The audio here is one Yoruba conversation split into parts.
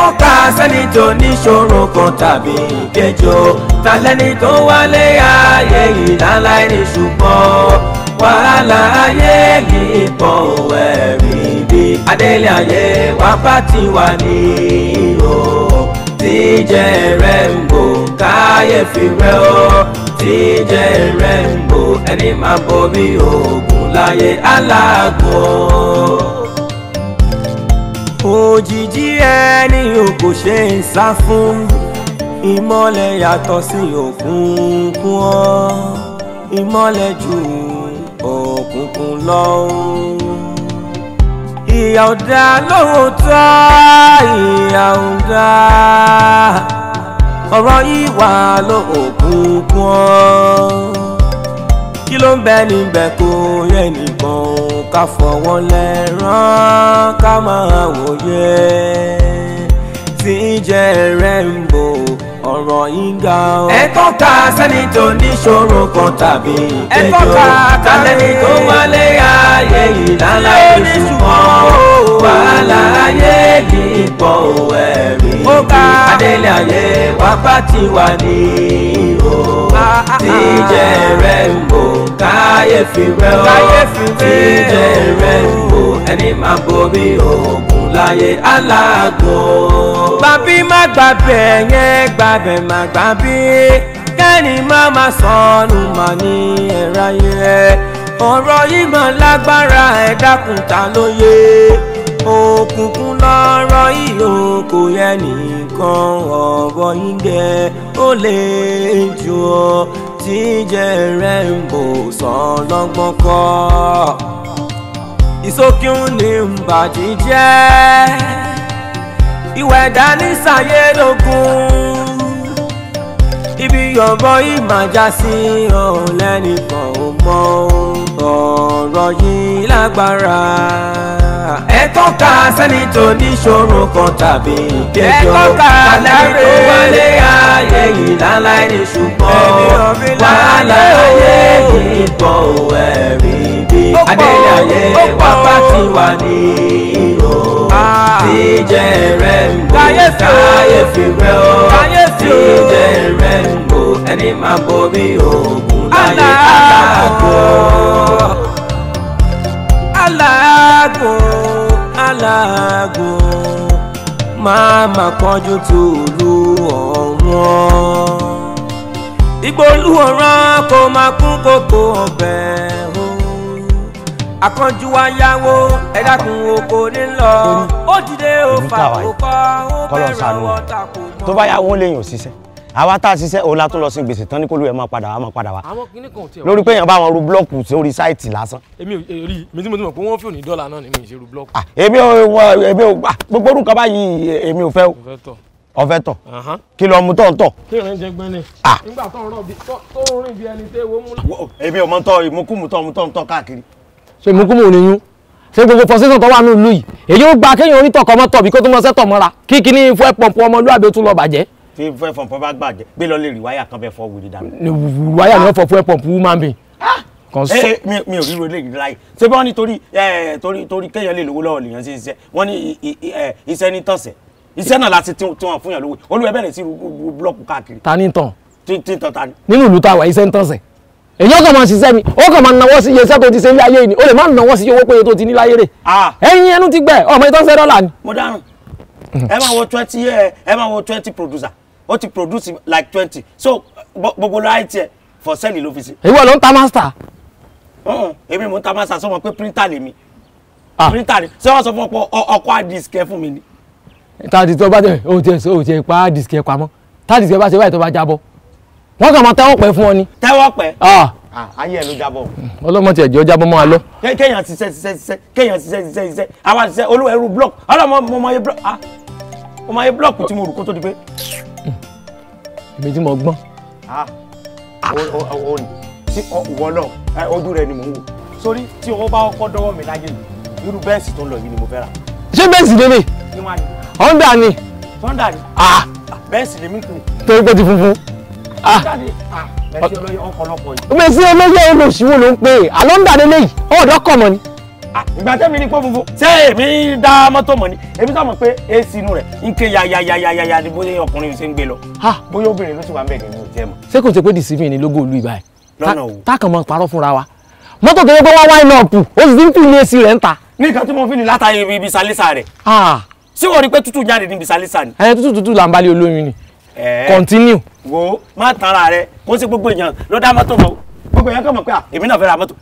tọ́ka sẹ́ni tó níṣòro kan tàbí ìkẹjọ ta lẹ́ni tó wálé ayé ìdáláì ní ṣùgbọ́n wàhálà ayé yìí pọ̀ ẹ̀rí bí adélé ayé wàá bá ti wà ní ìhòòhò tíjẹ rẹ ń bò káyẹ̀fì rẹ ó tíjẹ rẹ ń bò ẹni máa bomi oògùn láyé aláàgùn òjìji ẹni o kò ṣe ń sá fún ìmọ́lẹ̀ yàtọ̀ sí òkùnkùn ọ́ ìmọ́lẹ̀ ju òkùnkùn lọ ìyà ò dá lóòótọ́ ìyà ò dá ọ̀rọ̀ yìí wà lóòkùnkùn ọ́ kí ló ń bẹ níbẹ̀ kó rẹ̀ nìkan ká fọwọ́ lẹ́rán ká máa wòye tí jẹ́ rẹ̀ ń bò ọ̀rọ̀ ìgbà o. ẹ tọ́ka sẹ́ni tó níṣòro kan tàbí ìkẹjọ. ẹ tọ́ka tàlẹ́ni tó wálé ayé ìlànà ìṣúná wàhálà ayé yìí pọ̀ ẹ̀rí. ó ká adélé ayé wàá bá ti wà ní tíjẹ rẹ̀ ń bò káyéfì rẹ̀ o tíjẹ rẹ̀ ń bò ẹni máa bomi oògùn láyé aláàgbo. bàbí má gbàbẹ̀ yẹn gbàbẹ̀ má gbàbí kẹ́ni má má sọnù mà ní ẹ̀ráyé ọ̀rọ̀ yìí mà lágbára ẹ̀ dákun ta lóye òkùnkùn lọ́rọ̀ ìlò kò yẹ nìkan ọ̀rọ̀ ìgbẹ́ ó lè jù ọ́ tíjẹ rẹ̀ ń bò sàn lọ́gbọ́n kọ́ ìsókíún ní mbàjì jẹ́ ìwẹ̀ dání lógún ibi yọ̀bọ ìmàjà sí ọ̀lẹ́nìkan ò mọ ohun ọ̀rọ̀ yìí lágbára. ẹ tọ́ka sẹ́ni tó níṣòro kan tàbí ìkẹjọ kálẹ́rì tó wálé ayé yìí láláì ní ṣùgbọ́n wàhálà ayé yìí pọ̀ ẹ̀rí bí adélé ayé wàhálà ti wà ní ìhò ah. tíjẹ rẹ ń gbé káyé fi rẹ ó tíjẹ rẹ má bomi oògùn láyé aláàgbo. aláàgbo aláàgbo máa má kánjú tòlú ọ̀wọ́n. ìgbòlú ọ̀ràn kò máa kún kókó ọbẹ̀ o. akánjú ayáwó ẹ dákun oko nílọ ó dìde ó fà ó kọ́ ó bẹ̀rẹ̀ ọ̀tà kò mọ́. tó bá yá àwa tá a ṣiṣẹ́ òun la tún lọ sí gbèsè tán ní kólú ẹ̀ máa padà wá máa padà wá. àwọn kinní kan tiẹ̀ wá. lórí pé èèyàn bá wọn ru blọ́ọ̀kù sórí sáìtì lásán. èmi ò rí mi tí mo ti mọ̀ pé wọ́n fi òní dọ́là náà ni mi ì ṣe ru blọ́ọ̀kù. Ah, èmi ò wọ èmi ò gbà ah, gbogbo orúkọ báyìí èmi ò fẹ́ o. ọ̀fẹ́ tọ̀ kí lọ mu tọ̀ntọ̀. kí ìrìn jẹ gbẹ́ni. Ah. nígbà tó ń rìn bí ẹni tẹ́ wo mú. èmi ò mọ tọ ìmúkùmù tọ mu tọ̀ntọ̀ káàkiri. ṣé ìmúkùmù ò ní yún ṣé gbogbo fọsíṣàn tó wà ní ìlú yìí èyí ó gba kéèyàn onítọ̀kọ́ mọ́tọ̀ bí kó tó mọ́ sẹ́tọ̀ mọ́ra kí kíní fún ẹ̀pọ̀npọ̀ ọmọlúwàbí tún lọ bàjẹ́ tí fuel pump bá gbàjẹ́ gbé lọ lè rí wáyà kan bẹ́ẹ̀ fọ́ wìrì dànù. wáyà ni wọ́n fọ fuel pump woman bin. kan eh, sọ. Eh, mi ò ríro eléyìí láyé ṣé bí wọ́n ní torí eh, torí torí kéèyàn lè lówó lọ́wọ́ lèèyàn ṣe iṣẹ́ wọ́n ní iṣẹ́ ní tọ̀sẹ̀ iṣẹ́ náà láti tí wọ́n fún yàn lówó olúwẹ̀ bẹ̀rẹ̀ sí búlọ́ọ̀kù káàkiri. ta ni tán. tí tán ta ni. nínú ìlú tá a wà iṣẹ́ ń tọ̀sẹ̀ èyí ọkàn máa ṣiṣẹ́ mi ó kàn máa nawọ́ sí iye iṣẹ́ tó ti ṣe ní ayé ni ó lè má nawọ́ sí iye owó péye tó ti ní láyé rè ah! ẹ̀yin ẹnu ti gbẹ ọmọ ìtọ́sẹ̀ dọ́là ni. mo dáhùn ẹ máa wo twenty ẹ máa wo twenty producer ó ti produce like twenty so gbogbo láì tiẹ̀ for sale ló fi ṣe. ìwọ ló ń ta master. èmi mò ń ta master sọ wọn pé printer lèmi ah. printer ni ṣé wọn sọ fún ọkọ ọkọ àdìsíkẹ fún mi ni. tàdí tó bá tẹ o tẹ o tẹ pa àdìsíkẹ pamọ́ tàdí tó bá ṣe báyìí tó bá jábọ́ wọn kàn máa tẹ́wọ́ pẹ́ fún ọ ni. tẹ́wọ́ pẹ́. Ah. Ah, ayé ẹ ló jábọ́. Hmm, ọlọ́mọ tiẹ̀ jẹ́ ọ jábọ́ mọ́ a lọ. kéèyàn ṣiṣẹ́ ṣiṣẹ́ ṣiṣẹ́ kéèyàn ṣiṣẹ́ ṣiṣẹ́ ṣiṣẹ́ àwa ṣiṣẹ́ olúwa ẹrú block ọlọ́mọ mo mọ iye block ah mo mọ iye block tí mo rù kó tó di pé ibi tí mo gbọ́n. Ah, o ní tí wọ́n lọ ojú rẹ ni mò ń wò sórí tí owó bá kọ́kọ́ dọ́wọ́ mi láyé yìí irú bẹ́ẹ̀sì tó ń lọ yìí ni mo fẹ́ rà. ṣé bẹ́ẹ̀sì lè mi. honda ni. honda ni. Ah. Ah, bẹ́ẹ̀sì lè mi kù. torí pé ti funfun. bẹ́ẹ̀sì olóyè ọkọ̀ lọ́pọ̀ yìí. bẹ́ẹ̀sì olóyè olóṣìwò ló ń pè é àlọ́ ń dà lélẹ́yìí ọ̀dọ́ kọ̀ mọ́ ni. Ah, ìgbà tẹ́mi ní pé funfun ṣé èmi dá mọ́tò mọ̀ ni èmi sọ pé èsì inú rẹ̀ ń ké yayayayaya ni bóyá ọkùnrin ṣe ń gbé lọ bóyá obìnrin ló sì wà ń bẹ̀ ní ìlú jẹ́ mọ̀. ṣé kò ṣe pé dìsífì ni lógo olú ìbáyìí táàkàn mọ parọ́ fúnra wa mọ́tò tó yẹ pé wá wáìnì ọ̀pù ó sì ń tún ilé èsì rẹ̀ ń ta. ní nǹkan tí mo fi ní látàrí ibi ìsàlẹ̀sà rẹ̀ ṣé wọ́n rí pé tútù jáde níbi ìsàlẹ̀sà ni. ẹ tútù tútù là ń ni continue. wo má tanra rẹ kó ṣe gbogbo èèyàn ló dá mọ́tò mọ́ gbogbo yẹn kọ́ mọ̀ pé à èmi náà fẹ́ ra mọ́tò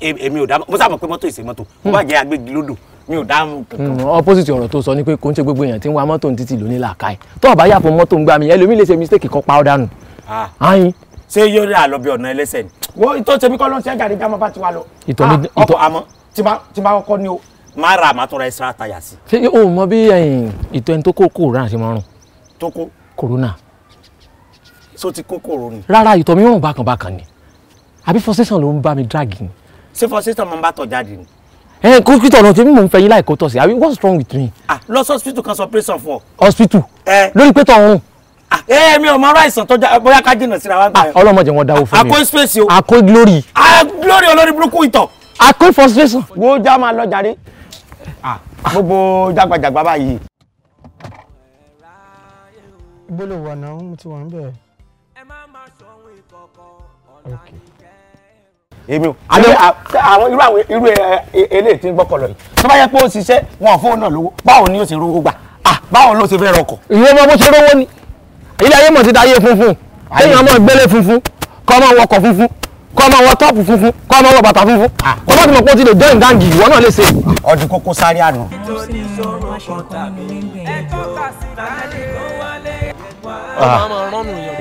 èmi ò dá mo sábà pé mọ́tò ìṣe mọ́tò mo bá jẹ́ agbégilódò mi ò dáhùn kankan. Mm, opposite ọ̀rọ̀ tó sọ ni pé kò ń ṣe gbogbo èèyàn tí ń wa mọ́tò títì lónìí làákàyè tó bá yàfọ̀ mọ́tò ń gbà mí ẹlòmíì lè ṣe mistake kan pa ọ́ dànù. ayin. ṣé yóò rí àlọ́bí ọ̀nà ẹlẹ́sẹ̀ ni. wo ìtọ́ tèmi kọ́ ló ń ṣe gàrí gàmọ́ bá ti wà lọ. ọkọ̀ àmọ́ tí bá kọ́kọ́ ni o máa ra àmọ́ tó ra extra tire sí. ṣé o mọ bí ìtọ́ ẹni tó kó kòrónà ṣe máa rùn. tó kó. kòrónà. so ti kó kòrónà. rárá ìtọ́ mi rùn àbí frustration ló ń bá mi drag in. ṣé frustration máa ń bá tọ̀ jáde ni. ẹ kó kítọ̀ náà tèmi mò ń fẹ́ yín láìkó tọ̀ sí àbí what's wrong with me. ah lọ sí hospital kan sọ operation fún ọ. hospital lórí pé tọ̀hún. ẹ mi ò mọ ọ̀rọ̀ àìsàn tọjá bóyá ká jìnnà síra wá gbà yẹn. ọlọmọ jẹ wọn dáwọ fún mi. àkó space o. àkó glory. glory olórí burúkú ìtọ̀. àkó frustration. wo já máa lọ jàre. gbogbo jágbajàgba báyìí. gbólóhùn àná mo ti wà ń bẹ̀. ok èmi o. àwọn irú àwọn irú eléyìí tí ń gbọ́kọ̀ lọ yìí tó bá yẹ pé ó ṣiṣẹ́ wọn fóònù náà lówó báwo ni ó ṣe rówó gbà báwo ló ṣe fẹ́ rọkọ̀. ìwé ọmọ bó ṣe rówó ni ilé ayé mọ̀ ti da ayé funfun kéèyàn ọmọ ìgbélé funfun kọ́ ọmọ wọkọ̀ funfun kọ́ ọmọ wọ tọ́ọ̀pù funfun kọ́ ọmọ wọ bàtà funfun kọ́ bá ti mọ̀ pé ó ti lè jọ ìdáǹgì ìwọ náà lè ṣe. ọdún kókó sáré àná.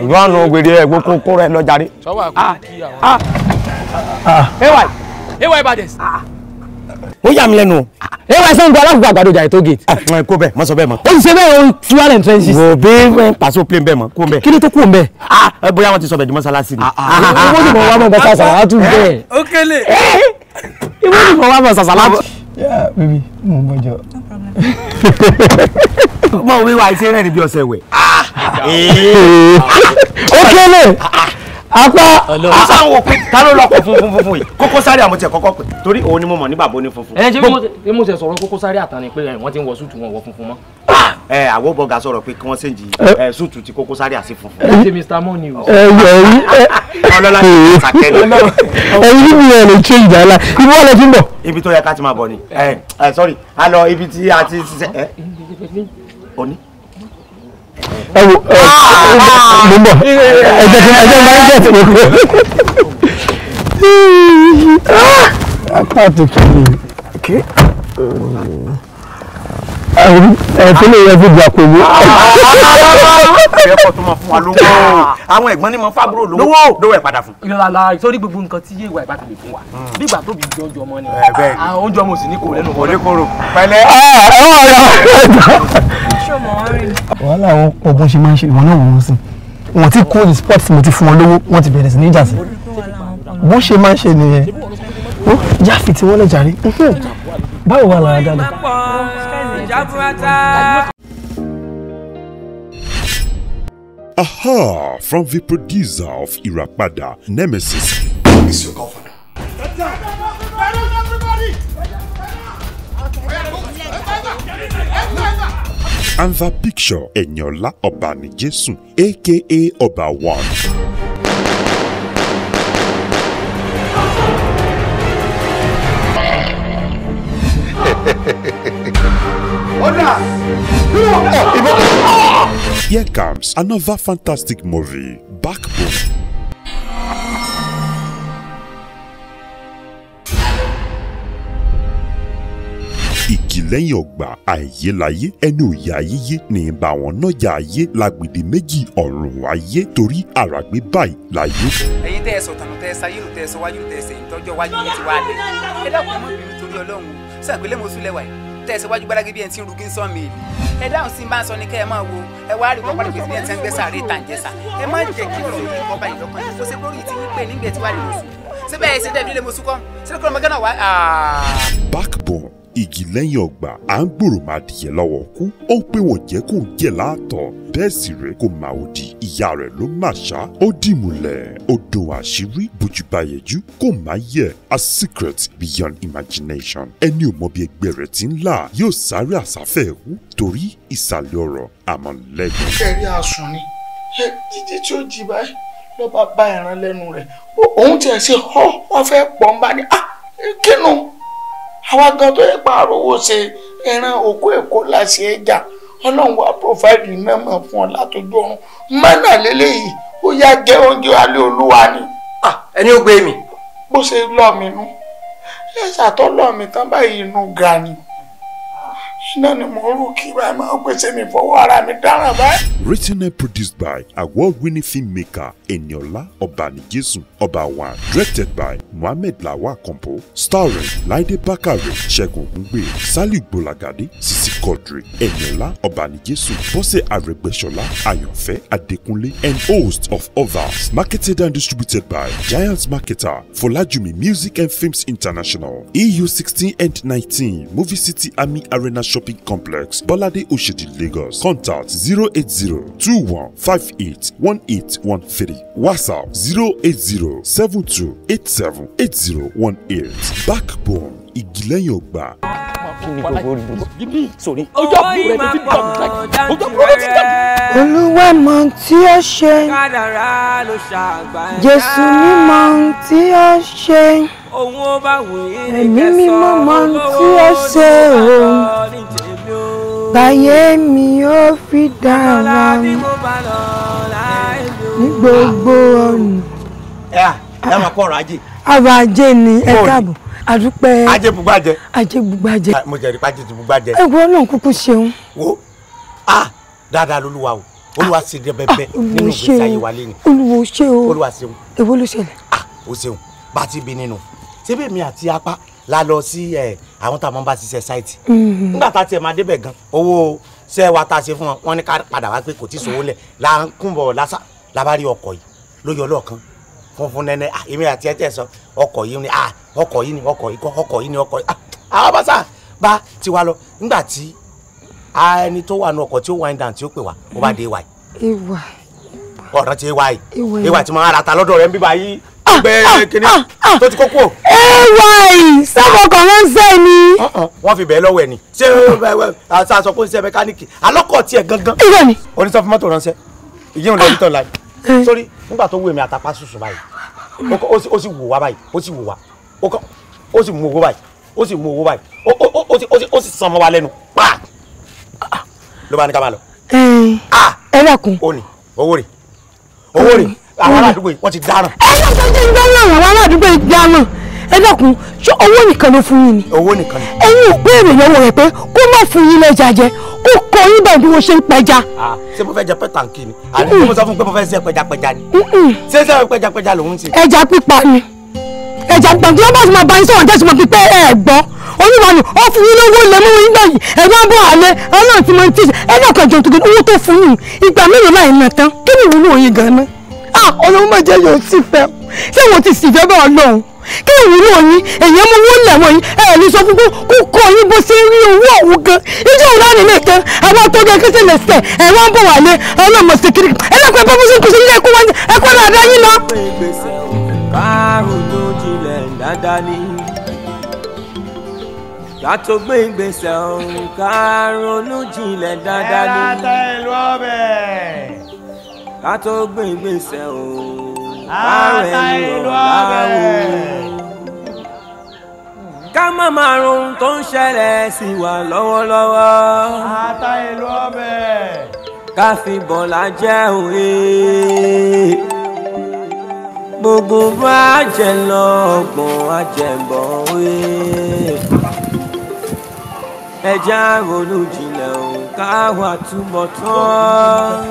ìwọ àná ògbèrè ẹ̀gbọ́n kókó rẹ lọ jàre. sọ wà kí àwọn ay ah. ay badẹs. Ah. ó yà mí lẹ́nu. ay sango alágbèbọ àgbàdo jà ètò gate. Ah, kó bẹ́ẹ̀ mọ sọ bẹ́ẹ̀ mọ. ó sì ṣe bẹ́ẹ̀ o tuwa rẹ̀ trenches. wò ó bí pàṣẹ plane bẹ́ẹ̀ mọ kó bẹ́ẹ̀. kí ni tó kú ń bẹ́ẹ̀. bóyá wọn ti sọ bẹ́ẹ̀ di mọ́sálásí ni. ìwọ ni mo wá mọ̀ bá sàṣà látú bẹ́ẹ̀. ó kélé. Eh, eh. ìwọ ni mo wá mọ̀ sàṣà látú. Yeah, baby, mo mọ̀jọ. No problem. Mo wíwá iṣẹ́ rẹ̀ níbi ọ̀sẹ̀ wẹ̀. Eh. Ó kélé apá apá ń wò pé ta ló lọkọ̀ funfun yìí Kókó Zaria àmọ́ tiẹ̀ kọ́kọ́ pé torí òun ni mo mọ̀ ní bàbá oní funfun. ẹ ṣé mo ṣe sọ̀rọ̀ Kókó Zaria àtàní pé wọ́n ti ń wọ súùtù wọn wọ funfun mọ́. Ah! ẹ àwọn bọ́gà sọ̀rọ̀ pé kí wọ́n ṣèǹjì eh. súùtù ti Kókó Zaria sí funfun. ẹ ṣe Mr Money o. ẹ yọ ẹ ọlọ́lá ti ń sàkẹ́ni. ẹyin níbi yẹn lè ṣe ìjà ibi wọn lè fi ibi tó yẹ ká ti máa bọ̀ ni ẹ wo ah! lè yẹ fún ìgbà pẹ̀lú. ẹ̀fẹ́ pọ̀ tó mọ̀ fún wa lówó àwọn ẹ̀gbọ́n ní mọ̀ fábúrò lówó lówó ẹ̀ padà fún. ìlàlà sórí gbogbo nǹkan tí yéèwà ìbá ti lè fún wa nígbà mm. tóbi jọ ọjọ́ ọmọ ni àwọn ah, oúnjẹ ọmọ òsì ní kò lẹ́nu kọ́lé kóró pẹ̀lẹ́. Ah, wàhálà àwọn ọgbọ́n ṣe máa ń ṣe ìwọ náà wọ́n sí wọ́n ti kó sport mo ti fún wọn lówó wọ́n ti bẹ̀rẹ̀ sí ní ìjà sí bó ṣe máa ń ṣe nìyẹn ó jáfì tí wọ́n lè jàre báwo wà lára dáadáa. Aha! From the producer of Irapada, Nemesis. Is your governor. And the picture, Enyola Obanijesun, aka Oba One. Orders! Oh, Here comes another fantastic movie, Backbone. ìkìlẹ́yìn ọ̀gbà àìyélayé ẹni òye ayéyé ní ìbá wọn nájà ayé lágbèdè méjì ọ̀run ayé torí àràgbé báyìí láyé. ẹ̀yin tẹ ẹ sọ tànù tẹ ẹ sáyé lù tẹ ẹ sọ wájú tẹ ẹ sẹyìn tọjọ wájú yìí ti wá lẹ ẹ dákun mọ bínú torí Ọlọ́run sàgbélé mo sùn lẹwàá yìí tẹ̀síwájú gbádágé bí ẹni tí ń rugí ń mi ẹ dáhùn sí bá sọ ni kẹ́ ẹ máa wo ẹ wá rí kọ́kọ́ lókè bí ẹni tí ń gbé sàárè tàǹjẹ́sà ẹ má jẹ́ kí ọ̀rọ̀ yìí kọ́ báyìí lọ́kàn yìí kó ṣe bórí ti wípé nígbẹ̀ tí wàá lè mọ̀ sùn síbẹ̀ ẹ̀ ṣe dẹ̀ lè mọ̀ sùn kọ́ sílẹ̀ kọ́ igi lẹ́yìn ọgbà à ń gbòòrò máa dìyẹ lọ́wọ́ kú ó ń pé wọ́n jẹ́ kó jẹ́ láàtọ̀ bẹ́ẹ̀ sì rẹ̀ kó máa ò di ìyá rẹ̀ ló mà ṣá ó dìmùlẹ̀ ó dùn àṣírí bójú kó máa yẹ a secret beyond imagination ẹni ò mọ bí ẹgbẹ́ rẹ̀ ti ń là yóò sáré àsáfẹ́ ẹ̀kú torí ìsàlẹ̀ ọ̀rọ̀ àmọ́ lẹ́yìn. kẹrí àsùn ni jíjí tí ó jí báyìí ló bá ìran lẹ́nu rẹ̀ òun tiẹ̀ ṣe họ́ wọ́n fẹ́ pọ̀ ń bá ní ah, kínú àwa gan tó yẹ pààrọ̀ owó ṣe ẹran òkú èkó láṣẹ ẹjà ọlọ́run wa pòfáìlì náà mọ̀ fún ọ látọjú ọrùn mọ́nà lélẹ́yìí ó yá jẹ́ oúnjẹ alẹ́ olúwa ni. ẹni ó gbé mi. bó ṣe lọ́ọ̀mì nú ẹ ṣàtọ́ lọ́ọ̀mì tán báyìí inú ga ni written and produced by award-winning filmmaker Eniola Obanijesu Obawan directed by Muhammed Lawal Kompo starring Laide Bakare Ṣẹ́gun Ògúngbè Saliu Gbolagade Sisi Quadri Eniola Obanijesu Bose Aregbesola Ayonfe Adekunle and host of others marketed and distributed by Giant Marketer Folajumi Music and Films International EU 16 and 19 Movie City Army Arena Shopping Complex Bolade Oshodi Lagos contact 080 21 58 1813 WhatsApp 080 72 87 8018 Backbone igi lẹ́yìn ọgbà. olúwa mọ tí ó ṣe jésù mímọ tí ó ṣe ẹ̀mí mímọ́ mọ tí ó ṣe o báyé mi ó fi dára ní gbogbo ọ̀nà. ẹ ẹ máa kọ́ ọ̀rọ̀ ajé. ọ̀rọ̀ ajé ni ẹ káàbọ̀ àdúpẹ́ ajẹ́bugbájẹ́ ajẹ́bugbájẹ́ mo jẹ̀rí pa ajẹ́bugbájẹ́. ẹ wo náà kúkú ṣeun. wo a dáadáa lolúwa o olúwa ṣe dẹ bẹbẹ ah, nínú ìgbésí ayé wa lẹ́nu. olúwo ṣe o olúwa ṣeun. èwo ló ṣẹlẹ̀. a ah, o ṣeun bá a ti bi nínú ṣébí mi àti apá la lọ sí ẹ àwọn tá a máa bá ṣiṣẹ́ sáìtì. Mm-hmm. nígbà tá a tiẹ̀ máa débẹ̀ gan owó ṣẹ́ wa tá a ṣe fún wọn wọn ní ká padà wá pé kò tí sówó lẹ̀ là ń kúnbọ̀ lásà la bá rí ọkọ̀ yìí lóyún ọlọ́ọ̀kan funfun nẹ́nẹ́ ah, èmi àti ẹ tẹ̀ sọ ọkọ̀ yìí ni ọkọ̀ yìí ni ọkọ̀ yìí kọ́ ọkọ̀ yìí ni ọkọ̀ yìí àwọn bá sá bá tiwa lọ nígbà tí ẹni tó wà nù ọkọ̀ tí ó wind down tí ó pè wá ó bá dé wáyé. ìwà ọ̀rọ̀ ti wá yìí ìwà tí mo ara ta lọ́dọ̀ rẹ̀ ń bíbá yìí ah, bẹ́ẹ̀ ah, kìíní ah, tó ti kókó. ay sábà kan ló ń sẹ́ ni. wọ́n fi bẹ́ẹ̀ lọ́wọ́ ẹ̀ ni ṣé àṣà sọ pé ń ṣe mẹkáníìkì alọ́kọ̀ tiẹ̀ gangan. ìwé ni. oníṣàfimọ́tò ránṣẹ́ ìyẹn ò lọ rí tán láì sórí nígbà tó wù mí àtàpá ṣùṣù báyìí ó sì wò wá báyìí ó sì wò wá ó sì mú owó báyìí ó sì mú owó báyìí ó sì san ọmọ wa lẹ́nu pa ló bá ní ká máa lọ. ẹ dákun. o ní owó rè owó rè àwọn aládùúgbò yìí wọ́n ti dáràn. ẹ ṣe ṣe ṣe ń gbọ́ àwọn aládùúgbò yìí dáràn ẹ dákun ṣé owó nìkan ló fún yín ni. owó nìkan ni. ẹ̀yin ò béèrè lọ́wọ́ rẹ̀ pé kó má fún yín lẹ́ja jẹ ó kọ yín bẹ́ẹ̀ bí wọ́n ṣe ń pẹja. ṣé mo fẹ́ jẹ pẹ́tàǹkì ni àbí mo sọ fún un pé mo fẹ́ ṣe pẹjapẹja ni. ṣé ṣe pẹjapẹja lòun ṣe. ẹja pípa ni ẹja pípa ni lọ́bàá tí mo bá yín sọ̀rọ̀ tẹ̀sí mo fi pé ẹ gbọ́ oníwà ni ó fún yín lówó lè mú yín lọ́yìn ẹ bá bọ̀ àlẹ́ ọlọ́run ti mọ ti ṣe ẹ lọ́kàn jọ̀ọ́ tó kí owó tó fún yín ìgbà mélòó láì nà tán kí ni ìwúlò yín gan-an Ah, ọlọ́run má jẹ́ yóò sì fẹ́ ṣé wọ́n ti sì fẹ́ bá ọlọ́run kí ìwúlò yín èyí mú owó lẹ̀wọ̀n yín ẹ ní sọ fúnfún kó kọ́ yín bó ṣe rí owó ọ̀hún gan ìjọ òun láàrin nìkan àwọn àtọ́jú ẹkẹsẹ̀ lẹ́sẹ̀ ẹ wá ń bọ̀ wà lé ọ̀nà ọmọ sèkiri ẹ fún sèkiri sílẹ̀ ẹ̀kọ́ wọn ẹ̀kọ́ làdá yín lọ. kárùn-ún tó jinlẹ̀ dáadáa ni ká tó gbé ìgbésẹ̀ ọ̀hún kárùn-ún jinlẹ̀ dáadáa ni. ẹ ká tó gbìngbìnsẹ̀ o àárẹ̀ ìlú ọ̀gáwó ká má máa run tó ń ṣẹlẹ̀ sí wa lọ́wọ́lọ́wọ́. ata ìlú ọbẹ̀. ká fi bọ̀lá jẹ́ òye. gbogbo bá jẹ lọ ọgbọ̀n àjẹbọ̀ òye. ẹja ronú ò ká wà túbọ̀ tán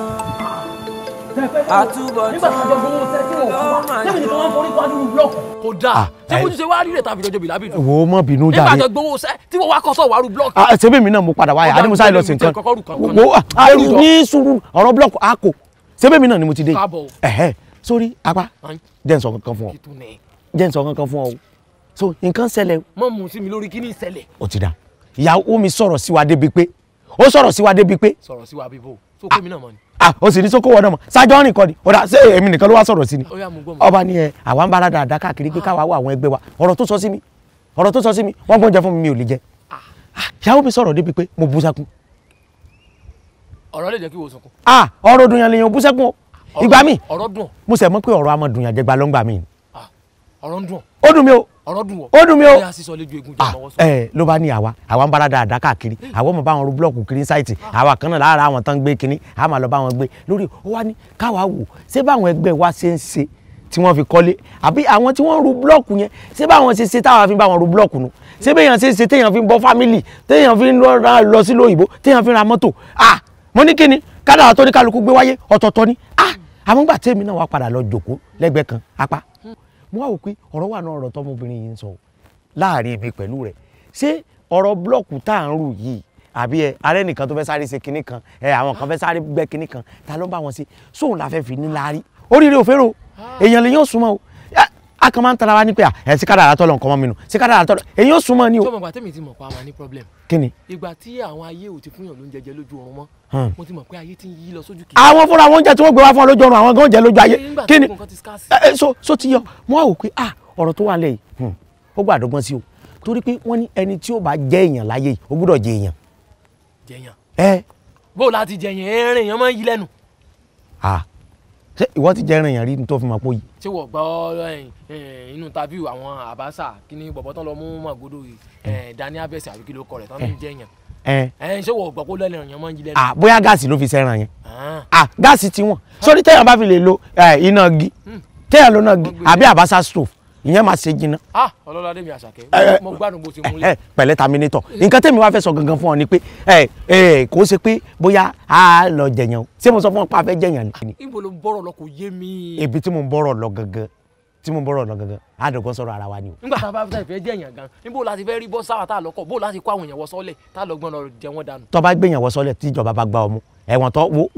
àtúbọ̀tán lọ́mọ kódà ah, ṣé kó tún ṣe wá rí rẹ̀ tàbí ìjọba ìlàbí tó. wo mọ bínú jàre nígbà tó gbowó sẹ tí wọn wá kọ sọ wàá ru blọọkì. ṣé bẹ́ẹ̀ mi náà mo padà wáyà adimusa lọ sí nǹkan wo ah, ní sùúrù ọ̀rọ̀ blọọkì a kò ṣé bẹ́ẹ̀ mi náà ni mo ti dé ẹ̀hẹ́ sórí apá jẹ́ nsọ kankan fún ọ jẹ́ nsọ kankan fún ọ so nǹkan ṣẹlẹ̀. mọ mu sí mi lórí kí ni ṣẹlẹ̀. ó ti da ìyàwó mi sọ̀rọ̀ sí wa pé ó sọ̀rọ̀ sí wa pé. sọ̀rọ̀ sí wa bíbó tó pé mi náà mọ ni ah o sì ní sókòwò náà mọ ṣáájọ rìn kọ ni ọ̀dà ṣé èmi nìkan ló wá sọ̀rọ̀ sí ni ọba ni ẹ àwa ń bára dáadáa káàkiri pé káwa wà àwọn ẹgbẹ́ wa ọ̀rọ̀ tó sọ sí mi ọ̀rọ̀ tó sọ sí mi wọ́n gbọ́n jẹ fún mi mi ò lè jẹ ah, ìyàwó mi sọ̀rọ̀ débi pé mo bú sẹ́kún. ọ̀rọ̀ lè jẹ́ kí wo sọkún. ah ọ̀rọ̀ ah, dùn yàn mi mo sẹ̀ mọ́ pé ọ̀rọ̀ amọ̀dùn yàn mi ọ̀rọ̀ ń dùn. ó dùn mí o. ọ̀rọ̀ dùn wọ. ó dùn mí o. bóyá sísọ lójú egun jẹ́ ọmọ ah, wọ́sọ. ẹ ló bá ní àwa àwa ń bára dáadáa káàkiri hmm. àwa ọmọ bá wọn ro búlọ̀kù kiri ṣáìtì ah. àwa kan náà lára àwọn tán gbé kinní a máa lọ bá wọn gbé lórí ó wá ní káwa wò ṣé báwọn ẹgbẹ́ wa ṣe ń ṣe tí wọ́n fi kọ́lé àbí àwọn tí wọ́n ru búlọ̀kù yẹn ṣé báwọn ṣe ṣe táwọn fi bá wọn ru búlọ̀kù nu ṣé béèyàn ṣe ṣe téèyàn fi ń bọ́ fámìlì téèyàn fi lọ sí lóyìnbó téèyàn fi ra mọ́tò ah mo ní kíni kádàrá tó ní kálukú gbé wáyé ọ̀tọ̀ọ̀tọ̀ ni ah àmúgbà tèmi náà wá padà lọ jòkó lẹ́gbẹ̀ẹ́ kan apá mo wá wò pé ọ̀rọ̀ wà náà ọ̀rọ̀ tọmọbìnrin yìí ń sọ láàrin mi pẹ̀lú rẹ̀ ṣé ọ̀rọ̀ blọ́ọ̀kù tá à ń rù yìí àbí ẹ alẹ́ nìkan tó fẹ́ sáré ṣe kinní kan ẹ àwọn kan fẹ́ sáré gbẹ́ kinní kan ta ló ń bá wọn ṣe sóun la fẹ́ fi ní láárí oríire òférò ah. èèyàn lè yàn súnmọ́ o a kàn máa ń tara wa ní pé ẹ sí kádàrá tọ́lọ̀ nǹkan mọ́ mi nù sí kádàrá tọ́lọ̀ èyí ó súnmọ́ ni o. sọ́mọ̀ gbàtẹ́mi ti mọ̀ pa àwọn ní problem. kí ni. ìgbà tí àwọn ayé ò ti fún yàn lóúnjẹ jẹ lójú ọrùn mọ́ hmm. mo ti mọ̀ pé ayé ti ń yí lọ sójú kìí. àwọn fúnra wọn jẹ tí wọ́n gbé wá fún ọ lójú ọrùn àwọn gan jẹ lójú ayé kí ni so ti yọ mo wá wò pé ah ọ̀rọ̀ tó wà lẹ̀ yìí hmm, ó gbà dọ́gbọ́n sí o torí pé wọ́n ní ẹni tí ó bá jẹ́ èèyàn láyé yìí ó gbúdọ̀ jẹ èèyàn. jẹyàn. ẹ. bó o láti jẹyàn erin èèyàn máa ń yí lẹ́nu. ah ṣé ìwọ ti jẹ́ ẹran èèyàn rí ni tó fi mọ̀ pé yìí. ṣé wọ́n gbọ́ eh, eh, inú tábìlì àwọn àbáṣà kí ni bọ̀bọ̀ tán lọ mú màgòdò mm. eh, Daniel, abẹ́sẹ̀ àbí kí ló kọ rẹ̀ tán ló ń jẹ́ èèyàn. ẹ ṣé wọ́n gbọ́ kó lẹ́nu èèyàn máa ń jí lẹ́nu. à bóyá gáàsì ló fi sẹ́ran yẹn à ah. ah, gáàsì tiwọn sórí téèyàn bá fi lè lo iná gi hmm. téèyàn ló náà gi àbí àbáṣà stove ìyẹn máa ṣe jìnnà. ah ọlọ́ládé àṣàkẹ́ eh, eh, mo gbádùn bó ti múlẹ̀. Eh, pẹ̀lẹ́ terminator nǹkan tẹ́mi wá fẹ́ sọ gangan fún ọ ni pé ẹ ẹ kò ṣe pé bóyá a lọ jẹyàn o ṣé mo sọ fún ọ pé a fẹ́ jẹyàn ni. ibo ah, ló ń bọ̀rọ̀ lọ kò yé mi. ibi tí mo ń bọ̀rọ̀ lọ gangan tí mo ń bọ̀rọ̀ lọ gangan a dọ̀gbọ́n sọ̀rọ̀ ara wa ni nígbà tá a bá fẹ́ jẹyàn gan níbo la ti fẹ́ rí bọ́ la ti kó àwọn èèyàn wọ sọ́lẹ̀ tá a lọ gbọ́n lọ jẹ wọ́n dànù. tó bá gbé èèyàn wọ sọ́lẹ̀ tí ìjọba bá ni ọ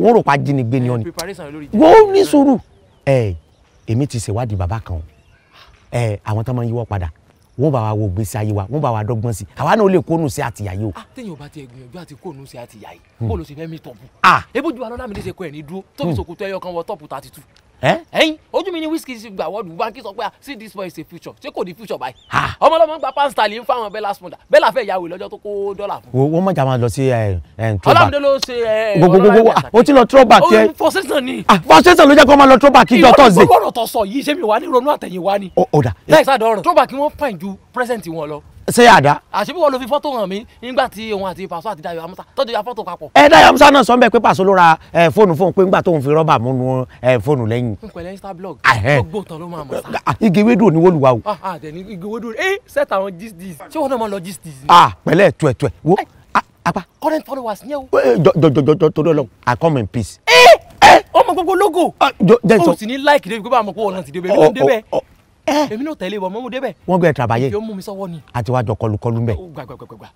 ni wọ́n ní sùúrù ẹ̀ ẹ àwọn tó máa ń yíwọ́ padà wọ́n bá wa wo gbèsè ayé wa wọ́n bá wa dọ́gbọ́n sí àwa náà ó lè kónú sí àtìyà yìí o. a ah, téèyàn bá ti gbìyànjú àti kónú sí àtìyà yìí hmm. ah. kó ló sì fẹ́ mi tọ̀pù. ebójú alọ́lá mi lè ṣe kọ́ ẹ̀ ní dúró tóbi sòkòtò hmm. ẹyọ kan wọ tọ́pù tàti ẹyin ojú mi ni Wizkid gba wọ́ọ̀dù Banky sọ pé ah, see this boy is a future ṣé kò di future báyìí ọmọlọmọ gba pan style ń fáwọn bella sponda bella fẹ́ yàwó lọ́jọ́ tó kó dọ́là fún. wọ́n mọ̀jà máa lọ sí eh, eh, throwback ọlọ́mọdé ló ṣe gbogbogbò eh, o ti lọ throwback yẹ oh, fọ́sẹ̀sán ni ah, fọ́sẹ̀sán ló jẹ́ kó máa lọ throwback ìjọ tọ́sídẹ̀. ìwọ gbọ́dọ̀ tọ sọ yìí ṣé mi wà ní ronú àtẹ̀yìnwá ni. ó dà. láì sá dọ̀rọ̀ throwback wọn fine ju present wọn lọ ṣé yàda. àṣìbí wọn ló fi fọ́tò hàn mí nígbà tí òun àti Paso àti Dayo Amusa tọ́jú ya fọ́tò papọ̀. ẹ Dayo Amusa náà sọ ń bẹ pé Paso ló ra fóònù fóònù pé nígbà tóun fi rọ́bà mú nu fóònù lẹ́yìn. n pẹ̀lẹ́ insta blog gbogbo tán ló máa mọ̀ sá. Ah, igi wedu ò ní ah, ah, eh, wọ́n luwa o. àtẹni igi wedu ẹ sẹ́ta àwọn gist dis ṣé wọn náà máa lọ gist dis. ah pẹ̀lẹ́ tuẹ̀ tuẹ̀ wo apa. current followers ni ẹ o. jọjọjọjọ eh, eh, torí Ọlọ́run i come in peace. ẹ ẹ ọmọ gbogbo logo. jẹ sọ o sì ní like débi pé bá a mọ̀ pé ọ̀nà ti débẹ̀ Eh. èmi náà tẹ̀lé ìwọ mọ́mú débẹ̀. wọ́n gbé tàbáyé yóò mú mi sọ́wọ́ ni. àti wàá jọ kọlùkọlù mbẹ. gbàgbàgbàgbà